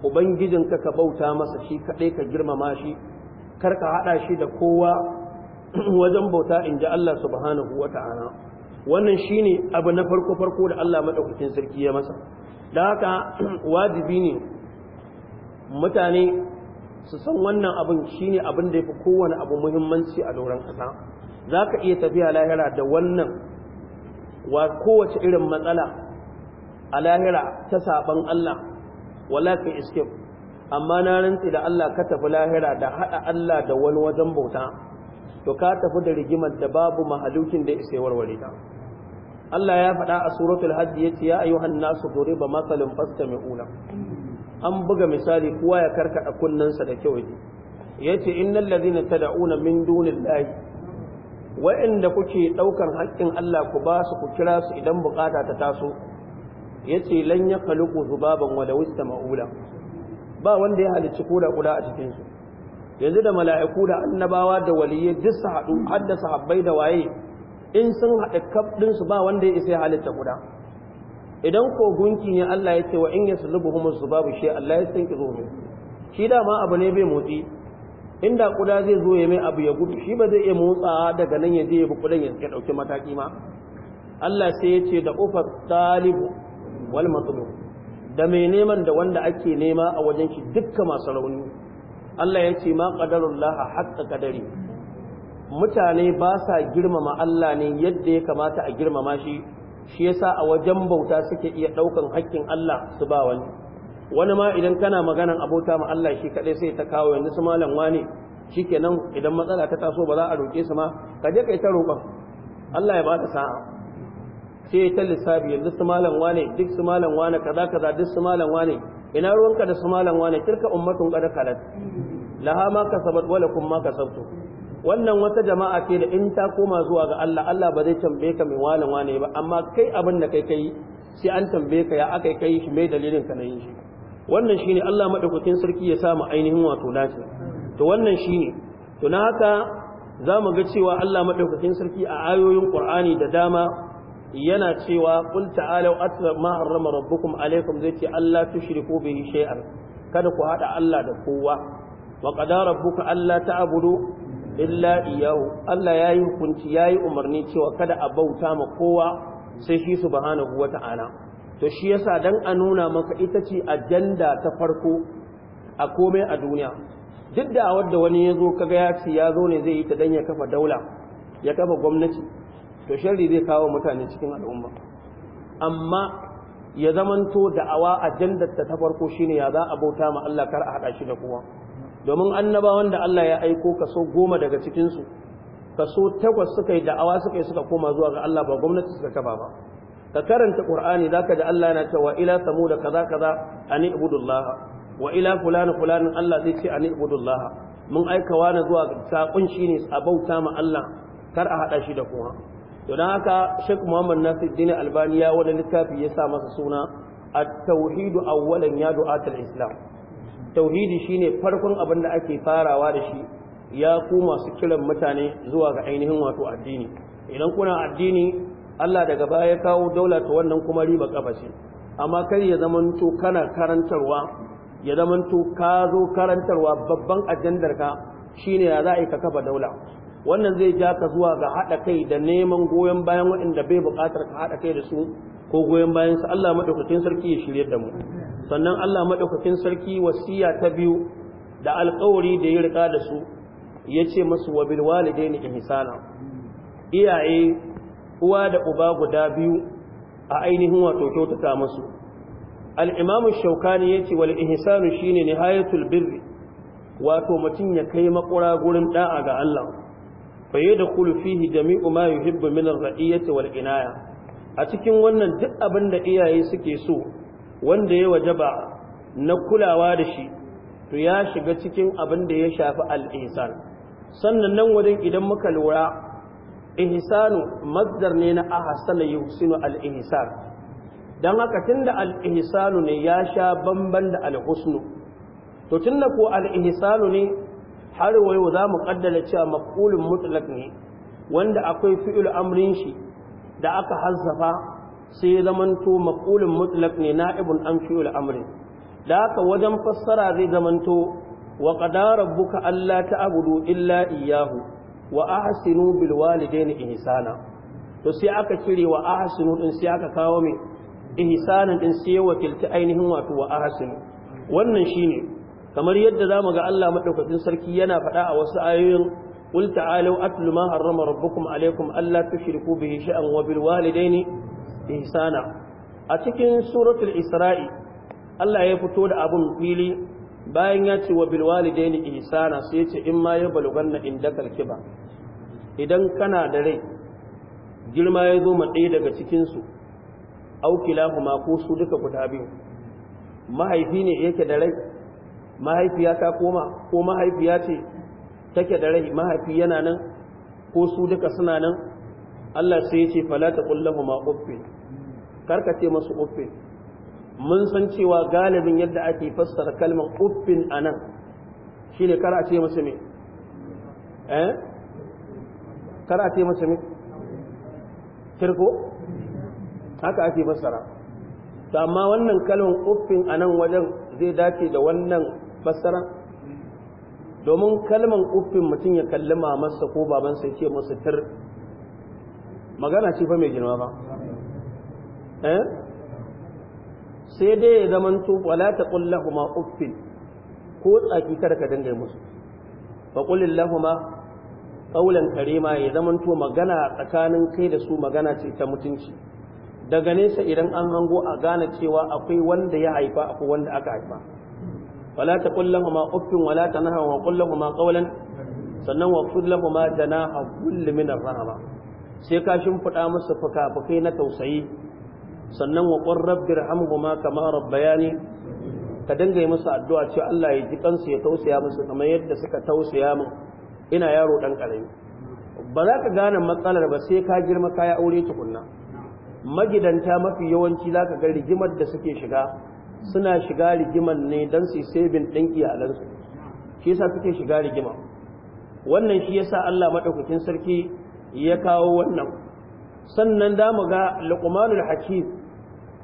ubangijinka ka bauta masa shi kaɗai ka girmama shi Kar ka haɗa shi da kowa wajen bauta in ji Allah subhanahu wata'ala wannan shine abu na farko farko da Allah madaukakin sarki ya masa dan haka wajibi ne mutane su san wannan abin shine abin da yafi kowane abu muhimmanci a doron kasa ka iya tafiya lahira da wannan wa kowace irin matsala a lahira ta saban Allah walakin iskif amma na rantsi da Allah ka tafi lahira da haɗa Allah da wani wajen bauta to ka tafi da rigimar da babu mahalukin da isa warware ta Allah ya faɗa a suratul ya yace ya ayyuhan nasu duriba mai fastami'una an buga misali kuwa ya karkada kunnensa da kyau yace innal ta da'una min dunillahi wa'inda kuke ɗaukar haƙƙin Allah ku ba su ku kira su idan bukata ta taso Ya ce lan ya khaluqu zubaban wada wista ma'ula ba wanda ya halicci koda kuda a cikinsu. yanzu da mala'iku da annabawa da waliyyi duk su haddasa hadda sahabbai da waye in sun haɗa kaf ba wanda ya isa ya halitta kuda idan ko gunki ne Allah ya ce wa in su zubabu shi Allah ya sanki zo mai shi da ma abu ne bai motsi inda kuda zai zo ya mai abu ya gudu shi ba zai iya motsa daga nan ya je ya bi kudan ya dauki mataki ma Allah sai ya ce da ufar talibu wal matlub da mai neman da wanda ake nema a wajen shi dukka masu rauni Allah ya ce ma qadarullah haqqa qadari mutane ba sa girmama Allah ne yadda ya kamata a girmama shi shi yasa a wajen bauta suke iya daukan haƙƙin Allah su ba wani wani ma idan kana maganan abota ma Allah shi kaɗai sai ta kawo yanzu su malam wani shikenan idan matsala ta taso ba za a roke su ma ka kai ta roƙon Allah ya ba ta sa'a sai ta sabi yanzu su malam wane duk su malam wane kaza kaza duk su malam wane ina ruwanka da su malam wane kirka ummatun kada kalat laha ma kasabat wa lakum ma kasabtu wannan wata jama'a ke da in ta koma zuwa ga Allah Allah ba zai tambaye ka mai walan wane ba amma kai abin da kai kai sai an tambaye ka ya aka kai shi mai dalilin ka na yin shi wannan shine Allah madaukakin sarki ya samu ainihin wato dace to wannan shine to na haka za mu ga cewa Allah madaukakin sarki a ayoyin Qur'ani da dama yana cewa ta'ala wa atla ma harrama rabbukum alaikum zai ce Allah tushriku bihi shay'an kada ku hada Allah da kowa wa qadara rabbuka alla ta'budu illa iyyahu Allah yayi hukunci yayi umarni cewa kada a bauta ma kowa sai shi subhanahu ta'ala to shi yasa dan a nuna maka ita ce ajanda ta farko a komai a duniya duk da wadda wani ya zo kaga ya ce ya zo ne zai yi ta dan ya kafa daula ya kafa gwamnati to sharri zai kawo mutane cikin al'umma amma ya zamanto da'awa a ta ta farko shine ya za a bauta ma Allah kar a hada shi da kowa domin annabawan da Allah ya aiko kaso goma daga cikin su kaso takwas suka yi da'awa suka yi suka koma zuwa ga Allah ba gwamnati suka kafa ba ka karanta qur'ani zaka ji Allah yana cewa ila samud kaza kaza ani ibudullah wa ila fulan fulan Allah zai ce ani ibudullah mun aikawa na zuwa sakun shine a bauta ma Allah kar a hada shi da kowa to don haka Sheikh Muhammad Nasiruddin Albani ya wani littafi ya sa masa suna at-tauhid awwalan ya du'atar islam tauhidi shine farkon abin da ake farawa da shi ya ku masu kiran mutane zuwa ga ainihin wato addini idan kuna addini Allah daga baya ya kawo daula ta wannan kuma riba kafa ce amma kai ya zamanto kana karantarwa ya zamanto ka zo karantarwa babban ajandar ka shine ya za'i ka kafa daula wannan zai ja ka zuwa ga haɗa kai da neman goyon bayan waɗanda bai buƙatar ka haɗa kai da su ko goyon bayan su Allah maɗaukakin sarki ya shirye da mu sannan Allah maɗaukakin sarki wasiya ta biyu da alƙawari da ya riƙa da su ya ce masu wa bil walidaini ihsana iyaye uwa da uba guda biyu a ainihin wato kyautata musu al-imamu shaukani yace wal ihsanu shine nihayatul birri wato mutum ya kai makura gurin da'a ga Allah faye da fihi jami'u ma yuhibbu min ar-ra'iyyati wal inaya a cikin wannan duk abin da iyaye suke so wanda ya wajaba na kulawa da shi to ya shiga cikin abin da ya shafi al-ihsan sannan nan wajen idan muka lura ihsanu masdar ne na ahsana yuhsinu al-ihsan dan haka tunda al-ihsanu ne ya sha bamban da al-husnu to tunda ko al-ihsanu ne har wayo za mu kaddara cewa maqulun mutlaq ne wanda akwai fi'il amrin shi da aka hazzafa sai zamanto maqulun mutlaq ne na'ibun an fi'il amrin da haka wajen fassara zai zamanto wa qada rabbuka alla ta'budu illa iyyahu wa ahsinu bil walidayni ihsana to sai aka kire wa ahsinu din sai aka kawo mai ihsanan din sai wakilta ainihin wato wa ahsinu wannan shine kamar yadda zamu ga Allah madaukakin sarki yana faɗa a wasu ayoyin qul ta'alu atlu ma harrama rabbukum alaykum alla tushriku bihi shay'an wa bil walidayni ihsana a cikin suratul isra'i Allah ya fito da abun fili bayan ya ce wa bil walidayni ihsana sai ya ce in ma ya yablughanna indakal kiba idan kana da rai girma ya zo ma ɗaya daga cikin su aukila ko su duka guda biyu mahaifi ne yake da rai mahaifiya ta koma ko mahaifiya ce take da rai mahaifi yana nan ko su duka suna nan Allah sai ya ce fala ta kullahu ma uffin karka ce masu uffin mun san cewa galibin yadda ake fassara kalmar uffin anan shine kar a ce masa me eh kar a ce masa me kirko haka ake fassara to amma wannan kalmar uffin anan wajen zai dace da wannan fassara domin kalman uffin mutum ya kalli mamarsa ko babansa ya ce musu tir magana ce fa mai girma ba eh sai dai ya to wala taqul lahumu uffin ko tsaki kada ka dinga musu fa qul lahumu ƙaunar Karima ya to magana tsakanin kai da su magana ce ta mutunci daga nesa idan an hango a gane cewa akwai wanda ya haifa akwai wanda aka haifa wala taqul lahumu uffin wala tanhahum wa qul lahumu qawlan sannan wa qul lahumu janaha kulli min rahama, sai ka shimfida musu fuka-fukai na tausayi sannan wa qur rabbirhamhuma kama rabbayani ka dinga yi musu addu'a ce Allah ya ji kansu ya tausaya musu kamar yadda suka tausaya mu ina yaro dan karami ba za ka gane matsalar ba sai ka girma kaya aure tukunna magidanta mafi yawanci za ka ga rigimar da suke shiga suna shiga rigiman ne don su sabin ɗin iyalansu shi yasa suke shiga rigima wannan shi yasa Allah maɗaukacin sarki ya kawo wannan sannan da mu ga luqmanul hakim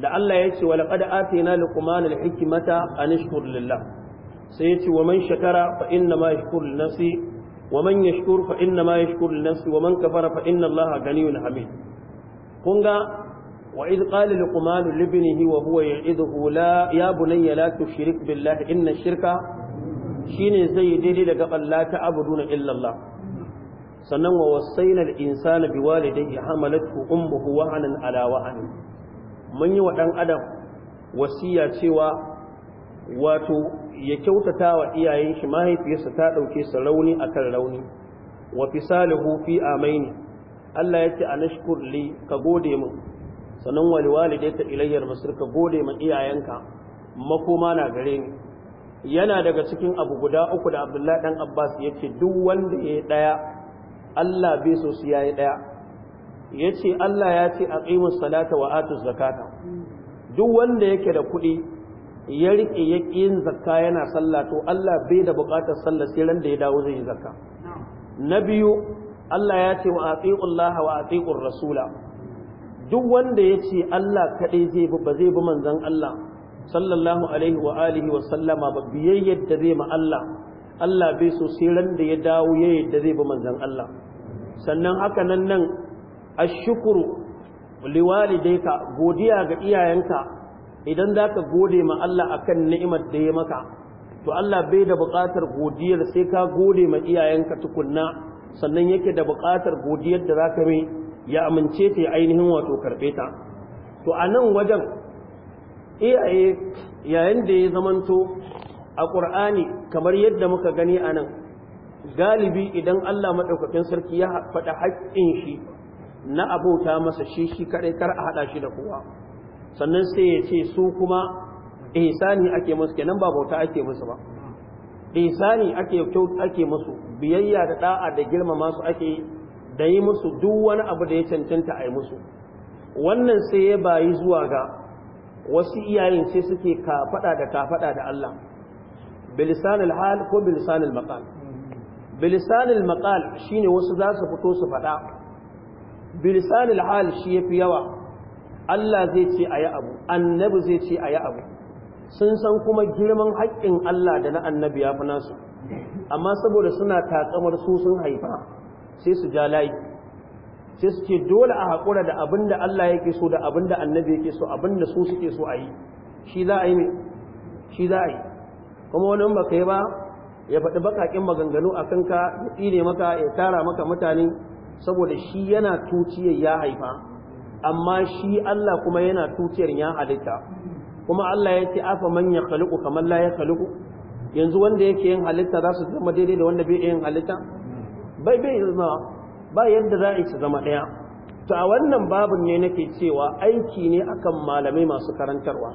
da Allah ya ce wa laqad atina luqmanul hikmata an ashkur lillah sai ya ce wa man shakara fa inna ma yashkuru li nafsi wa man yashkur fa inna ma yashkuru li nafsi wa man kafara fa inna Allah ganiyyun hamid kun ga وإذ قال لقمان لابنه وهو يعظه لا يا بني لا تشرك بالله إن الشرك شين زي ديدي لا تعبدون إلا الله sannan wa wasaina al-insana biwalidayhi hamalathu ummuhu wahnan ala wahn mun yi wa dan adam wasiya cewa wato ya kyautata wa iyayen shi mahaifiyarsa ta dauke sa rauni akan rauni wa fisalihu fi amaini Allah yace anashkur li ka gode mu sannan walidai ta ilayyar basir ka gode ma iyayenka makoma na gare ni yana daga cikin abu guda uku da abdullahi dan abbas ya ce duk wanda ya yi ɗaya allah bai so su ya yi ɗaya ya ce allah ya ce a ƙimus salata wa atu zakata duk wanda yake da kuɗi ya riƙe ya yin zakka yana sallah to Allah bai da buƙatar sallah sai ran da ya dawo zai yi zakka na biyu Allah ya ce wa atiqu Allah wa rasula duk wanda ya ce Allah kaɗai zai bi ba zai bi manzan Allah sallallahu alaihi wa alihi wa sallama ba biyayyar da zai ma Allah Allah bai so sai ran da ya dawo ya yadda zai bi manzan Allah sannan haka nan nan dai ka, godiya ga iyayenka idan za ka gode ma Allah akan ni'imar da ya maka to Allah bai da buƙatar godiyar sai ka gode ma iyayenka tukunna sannan yake da buƙatar godiyar da za ka mai ya amince ta ainihin wato karɓe ta to a nan wajen iyaye yayin da ya zamanto a ƙur'ani kamar yadda muka gani a nan galibi idan allah maɗaukakin sarki ya faɗa haƙƙin shi na abota masa shi shi kaɗai kar a haɗa shi da kowa sannan sai ya ce su kuma ihsani ake musu kenan ba bauta ake musu ba ihsani ake ake musu biyayya da ɗa'a da girmama su ake da yi musu duk wani abu da ya cancanta a yi musu wannan sai ya bayi zuwa ga wasu iyayen ce suke kafada da kafada da Allah bilisan hal ko bilisan maqal bilisan almaqal shine wasu za su fito su faɗa. bilisan hal shi yafi yawa Allah zai ce yi abu annabi zai ce ayi abu sun san kuma girman haƙƙin Allah da na annabi ya fi nasu amma saboda suna taƙamar su sun haifa sai su ja layi sai su ce dole a haƙura da abin da Allah yake so da abin da annabi yake so abin da su suke so a yi shi za a yi shi za a yi kuma wani in baka yi ba ya faɗi baƙaƙin maganganu a kanka ya tsine maka ya tara maka mutane saboda shi yana tuciyar ya haifa amma shi Allah kuma yana tuciyar ya halitta kuma Allah ya ce afa man ya kamar la ya yanzu wanda yake yin halitta za su zama daidai da wanda bai yin halitta bai bai zama ba yadda za a zama ɗaya to a wannan babin ne nake cewa aiki ne akan malamai masu karantarwa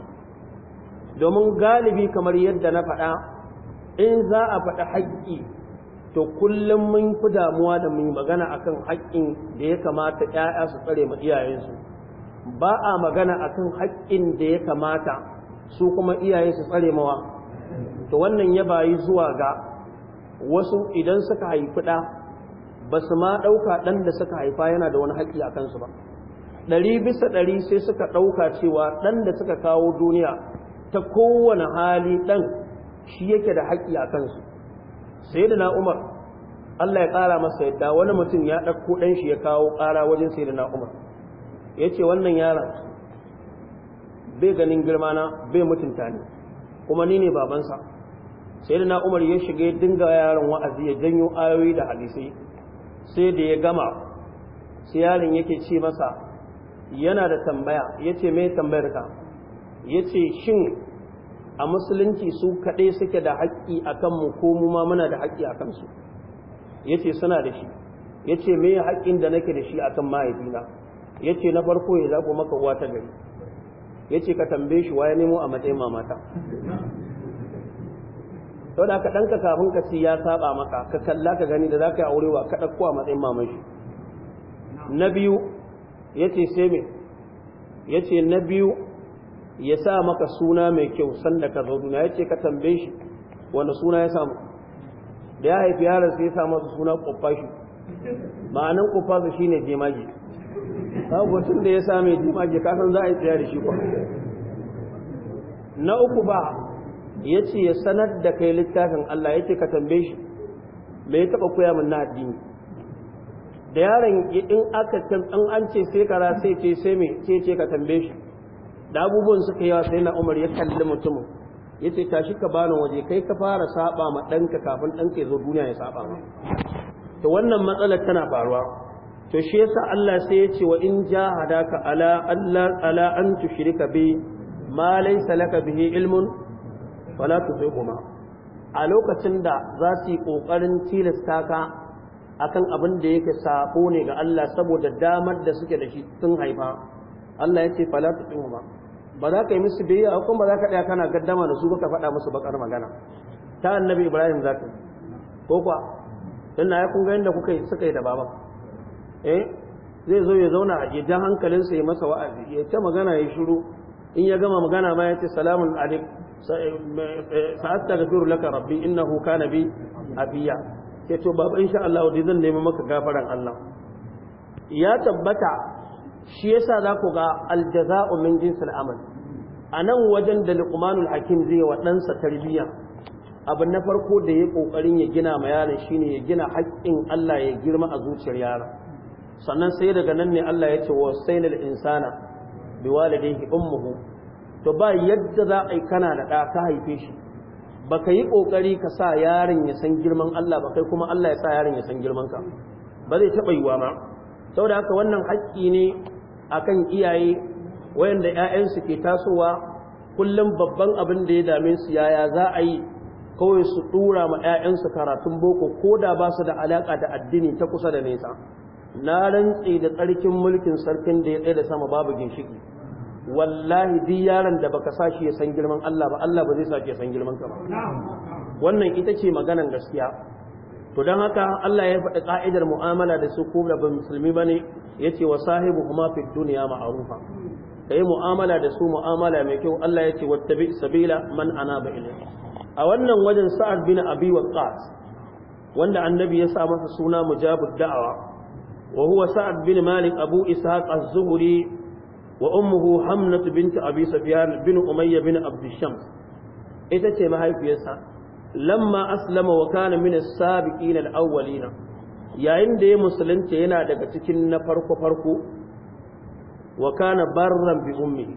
domin galibi kamar yadda na faɗa in za a faɗa haƙƙi to kullum mun fi damuwa da mun magana akan haƙƙin da ya kamata ƴaƴa su tsare ma iyayensu ba a magana akan haƙƙin da ya kamata su kuma iyaye su tsare mawa to wannan ya bayi zuwa ga wasu idan suka haifi ɗa ba su ma ɗauka ɗan da suka haifa yana da wani haƙƙi a kansu ba ɗari bisa ɗari sai suka ɗauka cewa ɗan da suka kawo duniya ta kowane hali ɗan shi yake da haƙƙi a kansu sai da umar allah ya ƙara masa yadda wani mutum ya ɗauko ɗan shi ya kawo ƙara wajen sai da umar ya ce wannan yaron bai ganin girmana bai mutunta ne kuma ni ne babansa sai da umar ya shiga ya dinga yaron wa'azi ya janyo ayoyi da hadisai sai da ya gama sai yaron yake ce masa yana da tambaya ya ce mai tambayar ka ya ce shin a musulunci su kaɗai suke da haƙƙi a kanmu ko mu ma muna da haƙƙi a kansu ya ce suna da shi ya ce mai haƙƙin da nake da shi a kan mahaifina ya ce na farko ya zaɓo maka uwa ta gari ya ce ka tambaye shi waya nemo a matsayin mamata saboda haka ɗanka kafin ka ci ya saba maka ka kalla ka gani da za ka yi aurewa ka ɗauko a matsayin maman shi na biyu ya ce sai me ya ce na biyu ya sa maka suna mai kyau sanda ka zo duniya ya ce ka tambaye shi wanda suna ya samu da ya haifi yaran sai ya sa masa suna ma'anin ma'anan su shine jemage kawo tun da ya sa mai jemage kasan za a yi tsaya da shi kuwa. na uku ba ya ce ya sanar da kai littafin Allah ya ce ka tambaye shi me ya taɓa koya min na addini da yaron in aka tambe an ce sai kara sai ce sai me ce ce ka tambaye shi da abubuwan suka yawa sai na Umar ya kalli mutumin ya ce tashi ka bani waje kai ka fara saba ma ɗanka kafin ɗanka ya zo duniya ya saba ma to wannan matsalar tana faruwa to shi yasa Allah sai ya ce wa in jahadaka ala Allah ala an tushrika bi ma laysa laka bihi ilmun fala tufi kuma a lokacin da za su yi ƙoƙarin tilasta ka akan abin da yake sako ne ga Allah saboda damar da suke da shi sun haifa Allah ya ce fala tufi kuma ba za ka yi musu biyayya a kuma ba za ka ɗaya kana gaddama da su ka faɗa musu bakar magana ta annabi ibrahim za ka ko kuwa don na ya kunga yadda kuka yi suka yi da baba eh zai zo ya zauna a ja hankalinsa ya masa wa'azi ya ta magana ya shiru in ya gama magana ma ya ce salamun alaikum Eh, eh, sa'astaghfiru laka rabbi huka na bi a biya. Ke to baba insha Allah wadda zan nemi maka gafaran Allah ya tabbata shi ya sa za ku ga aljaza'u min al’amal A nan wajen da luqmanul hakim zai wa ɗansa tarbiyya abin na farko da ya ƙoƙarin ya gina ma yaron ne ya gina haƙƙin Allah ya girma a zuciyar yaron sannan sai daga nan ne Allah ya ce wa sainal insana biwalidayhi ummuhu to ba yadda za a yi kana da ɗa ka haife shi ba ka yi ƙoƙari ka sa yaron ya san girman Allah ba kai kuma Allah ya sa yaron ya san girman ka ba zai taɓa yiwa ma saboda haka wannan haƙƙi ne a kan iyaye wayanda 'ya'yansu ke tasowa kullum babban abin da ya dame su yaya za a yi kawai su ɗura ma 'ya'yansu karatun boko ko da ba su da alaƙa da addini ta kusa da nesa na rantse da tsarkin mulkin sarkin da ya tsaye da sama babu ginshiki wallahi duk yaron da baka sa shi ya san girman Allah ba Allah ba zai sa shi ya san girman ka ba wannan ita ce maganan gaskiya to dan haka Allah ya faɗi ka'idar mu'amala da su ko da ba musulmi bane yace wa sahibu kuma fi dunya ma'rufa kai mu'amala da su mu'amala mai kyau Allah yace wattabi sabila man anaba ilayhi a wannan wajen sa'ad bin abi waqqas wanda annabi ya sa masa suna mujabud da'awa wa huwa sa'ad bin malik abu ishaq az-zuhri wa ummuhu hamnatu Binta abi bin umayya bin abd shams ita ce mahaifiyarsa lamma aslama wa kana min as-sabiqin al-awwalina yayin da ya musulunta yana daga cikin na farko farko wa kana barran bi ummihi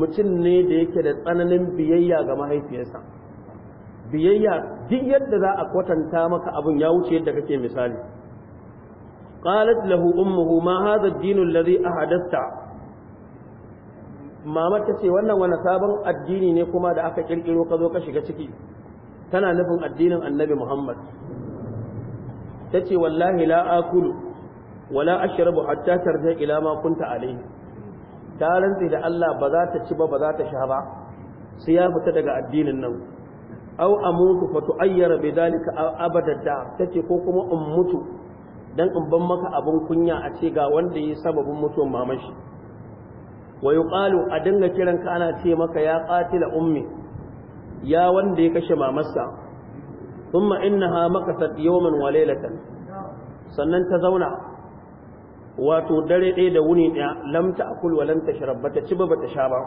mutum ne da yake da tsananin biyayya ga mahaifiyarsa biyayya duk yadda za a kwatanta maka abun ya wuce yadda kake misali qalat lahu ummuhu ma hadha ad-din alladhi ahadathta mamar ta ce wannan wani sabon addini ne kuma da aka kirkiro ka zo ka shiga ciki tana nufin addinin annabi muhammad ta ce wallahi la akulu wala ashrabu hatta tarja ila ma kunta alayhi ta rantsi da Allah ba za ta ci ba ba za ta sha ba sai ya fita daga addinin nan aw amutu fa tu'ayyara bi dalika abadad da tace ko kuma in mutu dan in ban maka abun kunya a ce ga wanda yi sababin mutuwar mamashi wa ƙalo a dinga kiran ka ana ce maka ya qatila ummi ya wanda ya kashe mamarsa thumma innaha makasat yawman wale laylatan sannan ta zauna wato dare ɗaya da wuni ɗaya lamta a kulwa lam shirabba ta ci ba ta sha ba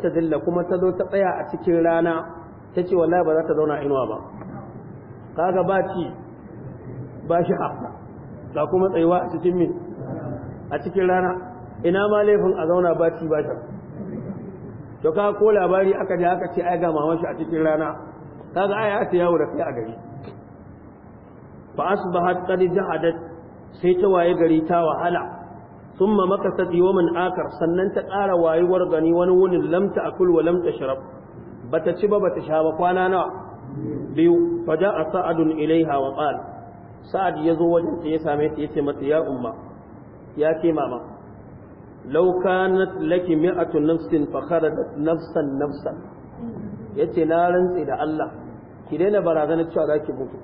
ta dilla kuma ta zo ta tsaya a cikin rana ta ce wallahi ba za ta zauna inuwa ba kaga ba ci ba shi haka ga kuma tsayuwa a cikin min a cikin rana ina ma laifin a zauna ba ci ba to ka ko labari aka ji aka ce ai ga mamanshi a cikin rana kaga ai ce yawo da kai a gari fa asbahat qad jahadat sai ta waye gari ta wahala thumma makasat yawman akar sannan ta ƙara wayuwar gani wani wunin lamta akul wa lamta sharab bata ci ba bata sha ba kwana nawa biyu fa ja'a sa'adun ilaiha wa qala sa'ad yazo wajen ta ya same ta yace mata ya umma ya ce mama Lauka kanat laki mi'atu nafsin fa kharadat nafsan nafsan yace na rantsi da Allah ki daina barazana cewa zaki mutu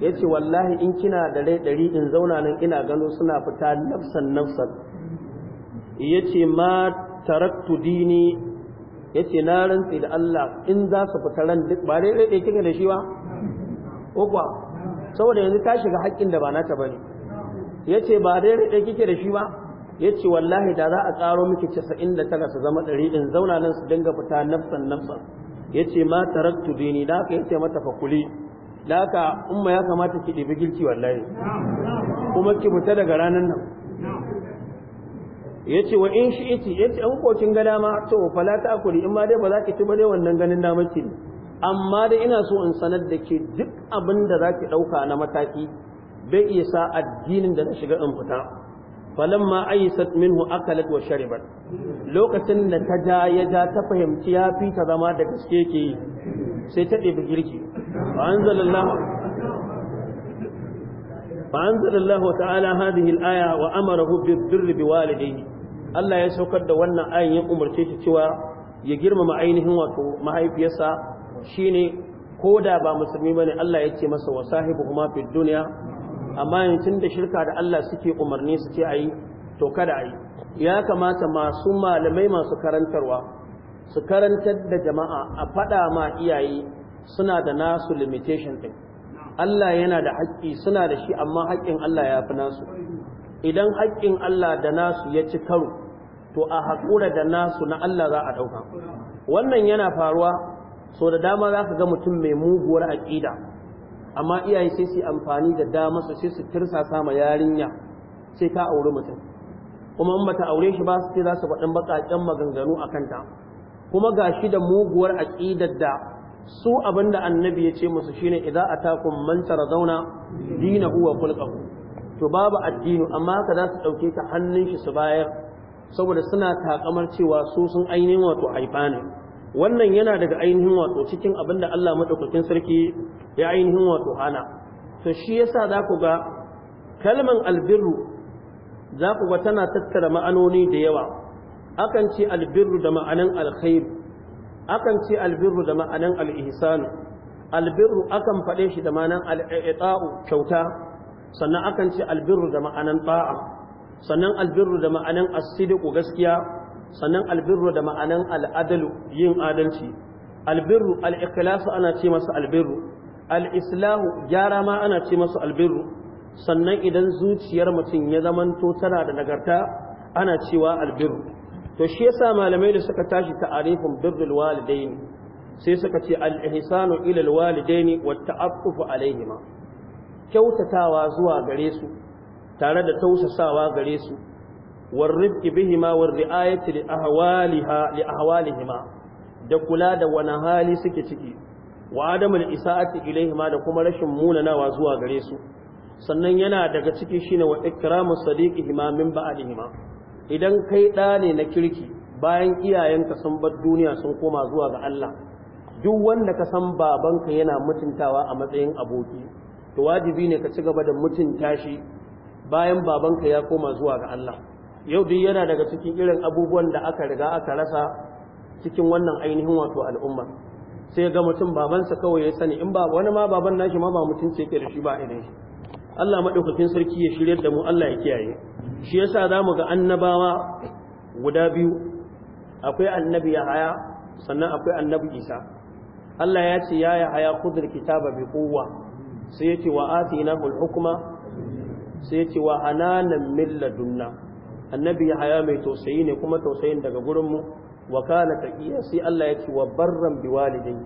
yace wallahi in kina da rai in zauna nan ina gano suna fita nafsan nafsan yace ma taraktu dini yace na rantsi da Allah in za su fita ran duk ba rai dai kika da shi ba ko saboda yanzu ta shiga haƙƙin da ba nata bane yace ba rai dai kike da shi ba ya ce wallahi da za a tsaro miki casa'in da su zama ɗari din, zauna nan su dinga fita nafsan nafsan ya ce ma taraktu dini da aka yace mata fakuli da aka umma ya kamata ki ɗibi gilci, wallahi kuma ki fita daga ranar nan ya ce wa in shi iti ya ce an kokin gada ma to fa akuri in ma dai ba za ki ci ba dai wannan ganin damar ki amma dai ina so in sanar da ke duk abin da za ki ɗauka na mataki bai iya sa addinin da na shiga in fita falamma aisat minhu akalat wa sharibat lokacin da ta ja ya ja ta fahimci ya fi ta zama da gaske ke yi sai ta ɗebi girki anzalallahu ta'ala hadhihi al-aya wa amarahu bid-birri biwalidayhi Allah ya saukar da wannan ayin ya umarce shi cewa ya girmama ainihin wato mahaifiyarsa shine ko da ba musulmi bane Allah ya ce masa wa sahibu kuma fid dunya amma tun da shirka da Allah suke umarni su ce ayi to kada ayi ya kamata masu malamai masu karantarwa su karantar da jama'a a faɗa ma iyaye suna da nasu limitation ɗin Allah yana da haƙƙi suna da shi amma haƙƙin Allah ya fi nasu idan haƙƙin Allah da nasu ya ci karu, to a haƙura da nasu na Allah za a ɗauka wannan yana faruwa so da dama za ka ga mutum mai muguwar aƙida amma iyaye sai su amfani da dama su su tirsa sama yarinya sai ta auri mutum kuma in bata aure shi ba su ce za su faɗin baƙaƙen maganganu a kanta kuma ga shi da muguwar aƙidar da su abinda annabi ya ce musu shine idan atakum man zauna dinahu huwa kulqahu to babu addini amma ka za su ɗauke ta hannun shi su bayar saboda suna takamar cewa su sun ainihin wato haifa ne wannan yana daga ainihin wato cikin abin da Allah madaukakin sarki ya ainihin wato hana to shi yasa za ku ga kalman albirru za ku ga tana tattara ma'anoni da yawa akan ce albirru da ma'anan alkhair akan ce albirru da ma'anan al'ihsanu albirru akan faɗe shi da ma'anan al'ita'u kyauta sannan akan ce albirru da ma'anan ta'a sannan albirru da ma'anan asidiku gaskiya sannan albirru da ma'anan al'adalu yin adalci albirru al'ikilasu ana ce masa albirru al'islahu gyara ma ana ce masa albirru sannan idan zuciyar mutum ya zamanto tana da nagarta ana cewa albirru to shi yasa malamai da suka tashi ta'arifin birrul walidaini sai suka ce al-ihsanu ila al-walidaini wa ta'affufu alaihima kyautatawa zuwa gare su tare da tausasawa gare su والرفق بهما والرعاية لأهوالها لأهوالهما da kula da wani hali suke ciki wa adamul isa'ati ilaihima da kuma rashin munanawa zuwa gare su sannan yana daga ciki shine wa ikramu sadiqihima min ba'dihima idan kai da ne na kirki bayan iyayenka sun bar duniya sun koma zuwa ga Allah duk wanda ka san babanka yana mutuntawa a matsayin aboki to wajibi ne ka ci gaba da mutunta shi bayan babanka ya koma zuwa ga Allah yau duk yana daga cikin irin abubuwan da aka riga aka rasa cikin wannan ainihin wato al'umma sai ga mutum babansa kawai ya sani in ba wani ma baban nashi ma ba mutum ce ke da shi ba idan shi Allah madaukakin sarki ya shirye da mu Allah ya kiyaye shi yasa zamu ga annabawa guda biyu akwai annabi Yahaya sannan akwai annabi Isa Allah ya ce ya Yahaya kudur kitaba bi quwwa sai ya ce wa atina al-hukma sai ce wa hananan milladunna annabi yahaya mai tausayi ne kuma tausayin daga gurin mu wa kana sai Allah ya ce wa barran biwalidayhi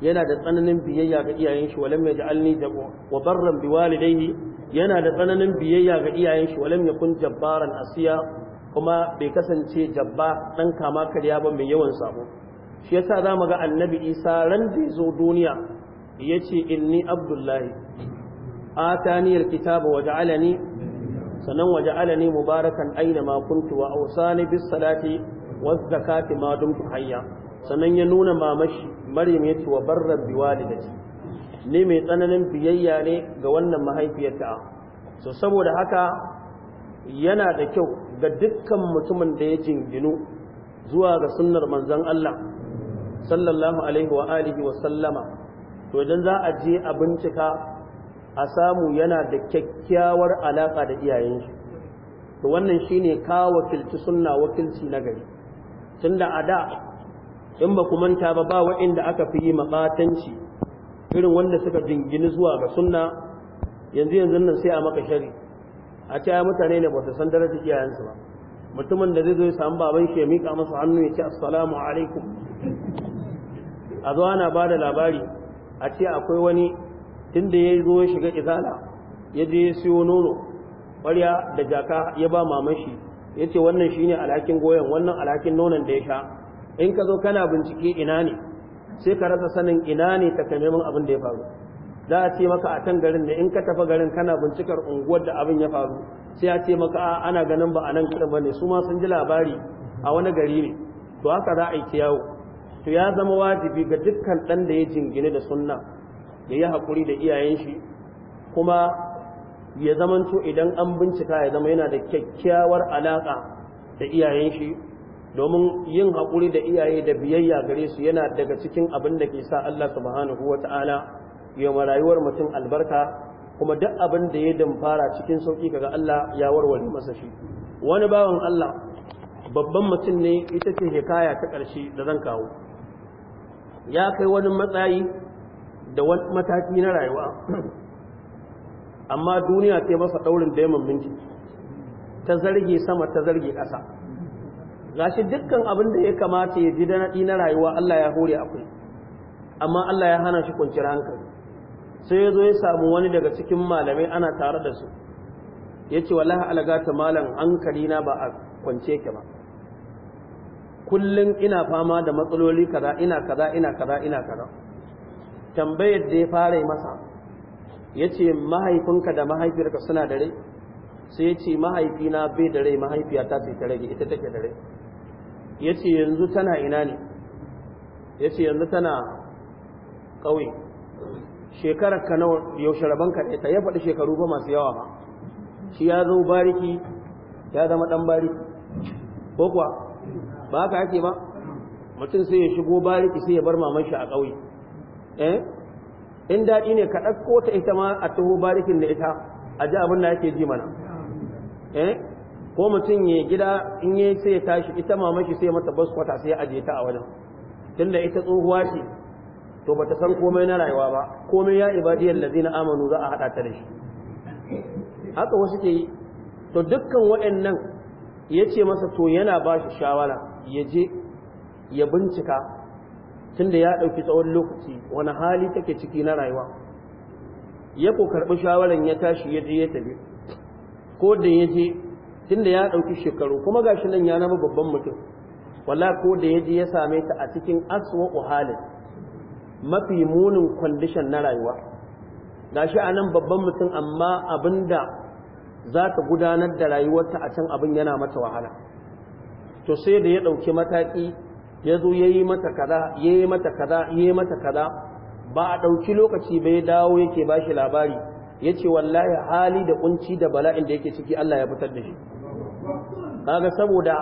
yana da tsananin biyayya ga iyayen shi walam yaj'alni jabba wa barran biwalidayhi yana da tsananin biyayya ga iyayen shi walam kun jabbaran asiya kuma bai kasance jabba dan kama karya ba mai yawan sabo shi yasa zamu ga annabi Isa ran da zo duniya yace inni abdullahi atani alkitaba ne? sannan waje alani mubarakan aina ma kuntu wa awsani bis salati waz zakati ma dumtu hayya sannan ya nuna mamashi maryam yace wa barra bi walidati ne mai tsananin biyayya ne ga wannan mahaifiyarta so saboda haka yana da kyau ga dukkan mutumin da ya jinginu zuwa ga sunnar manzon Allah sallallahu alaihi wa alihi wa sallama to idan za a je a bincika a samu yana da kyakkyawar alaƙa da iyayen shi to wannan shine ka wakilci sunna wakilci na gari tunda a da in ba ku manta ba ba waɗanda aka fi yi mabatanci irin wanda suka jingini zuwa ga sunna yanzu yanzu nan sai a maka shari a ce ai mutane ne ba su san daraja iyayensu ba mutumin da zai zo ya samu baban shi ya mika masa hannu ya ce assalamu alaikum a zo ana ba da labari a ce akwai wani tunda ya zo ya shiga izala ya je ya siyo nono ƙwarya da jaka ya ba mamashi ya ce wannan shine alhakin goyon wannan alhakin nonon da ya sha in ka zo kana bincike ina ne sai ka rasa sanin ina ne ta min abin da ya faru za a ce maka a can garin da in ka tafi garin kana bincikar unguwar da abin ya faru sai a ce maka a ana ganin ba a nan kiran ne su ma sun ji labari a wani gari ne to haka za a yi ta yawo to ya zama wajibi ga dukkan ɗan da ya jingine da sunna da yi hakuri da iyayen shi kuma ya zamanto idan an bincika ya zama yana da kyakkyawar alaƙa da iyayen shi domin yin hakuri da iyaye da biyayya gare su yana daga cikin abin da ke sa Allah subhanahu wa ta'ala ya rayuwar mutum albarka kuma duk abin da ya damfara cikin sauƙi kaga Allah ya warware masa shi wani bawan Allah babban mutum ne ita ce hikaya ta ƙarshe da zan kawo ya kai wani matsayi da wani mataki na rayuwa amma duniya ta masa daurin daiman minti ta zarge sama ta zarge ƙasa gashi dukkan abin da ya kamata ya ji daɗi na rayuwa Allah ya hore akwai amma Allah ya hana shi kwanci hankali sai ya zo ya samu wani daga cikin malamai ana tare da su ya ce wallahi alagata malam hankali na ba a kwance ki ba kullum ina fama da matsaloli kaza ina kaza ina kaza ina kaza tambayar da ya fara yi masa ya ce mahaifinka da mahaifiyarka suna da rai sai ya ce mahaifina bai da rai mahaifiyata ce ta rage ita take da rai ya ce yanzu tana ina ne ya ce yanzu tana ƙauye shekarar ka nawa yaushe rabon ka ta ya faɗi shekaru ba masu yawa ba shi ya zo bariki ya zama ɗan bariki ko kuwa ba haka ake ba mutum sai ya shigo bariki sai ya bar maman shi a ƙauye Eh? in daɗi ne ka ɗauko ta ita ma a taho barikin da ita a ji abin da yake ji mana eh? ko mutum ya gida in yi sai ya tashi ita mamashi sai mata baskwata sai ya ajiye ta a wajen tunda ita tsohuwa ce to ba ta san komai na rayuwa ba komai ya ibadiyar na amanu za a haɗa ta da shi haka wasu ke yi to dukkan waɗannan ya ce masa to yana ba shi shawara ya je ya bincika tunda ya ɗauki tsawon lokaci wani hali take ciki na rayuwa ya ko karɓi shawaran ya tashi ya je ya tafi ko da ya je tunda ya ɗauki shekaru kuma gashi nan ya nama babban mutum wala ko da ya je ya same ta a cikin aswa halin mafi munin kwandishan na rayuwa gashi a nan babban mutum amma abin da za ta gudanar da rayuwarta a can abin yana mata wahala to sai da ya ɗauki mataki ya zo ya yi mata kaza ya yi mata kaza ya yi mata kaza ba a ɗauki lokaci bai dawo yake ba shi labari ya ce wallahi hali da ƙunci da bala'in da yake ciki Allah ya fitar da shi kaga saboda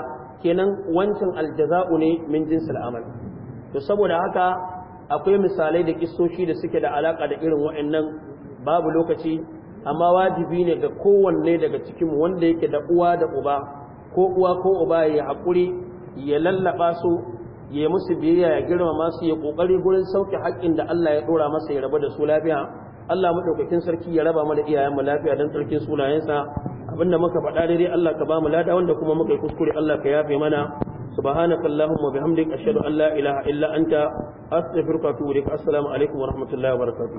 kenan wancan aljaza'u ne min jinsil amal to saboda haka akwai misalai da kissoshi da suke da alaka da irin waɗannan babu lokaci amma wajibi ne ga kowanne daga cikin wanda yake da uwa da uba ko uwa ko uba ya haƙuri ya lallaba su ya musu biyayya ya girmama su ya kokari gurin sauke haƙƙin da Allah ya dora masa ya raba da su lafiya Allah madaukakin sarki ya raba mana iyayen mu lafiya dan sarkin sunayensa abinda muka faɗa daidai Allah ka ba mu lada wanda kuma muka yi kuskure Allah ka yafe mana subhanaka allahumma bihamdika ashhadu an la ilaha illa anta astaghfiruka wa atubu ilaik assalamu alaikum wa rahmatullahi wa barakatuh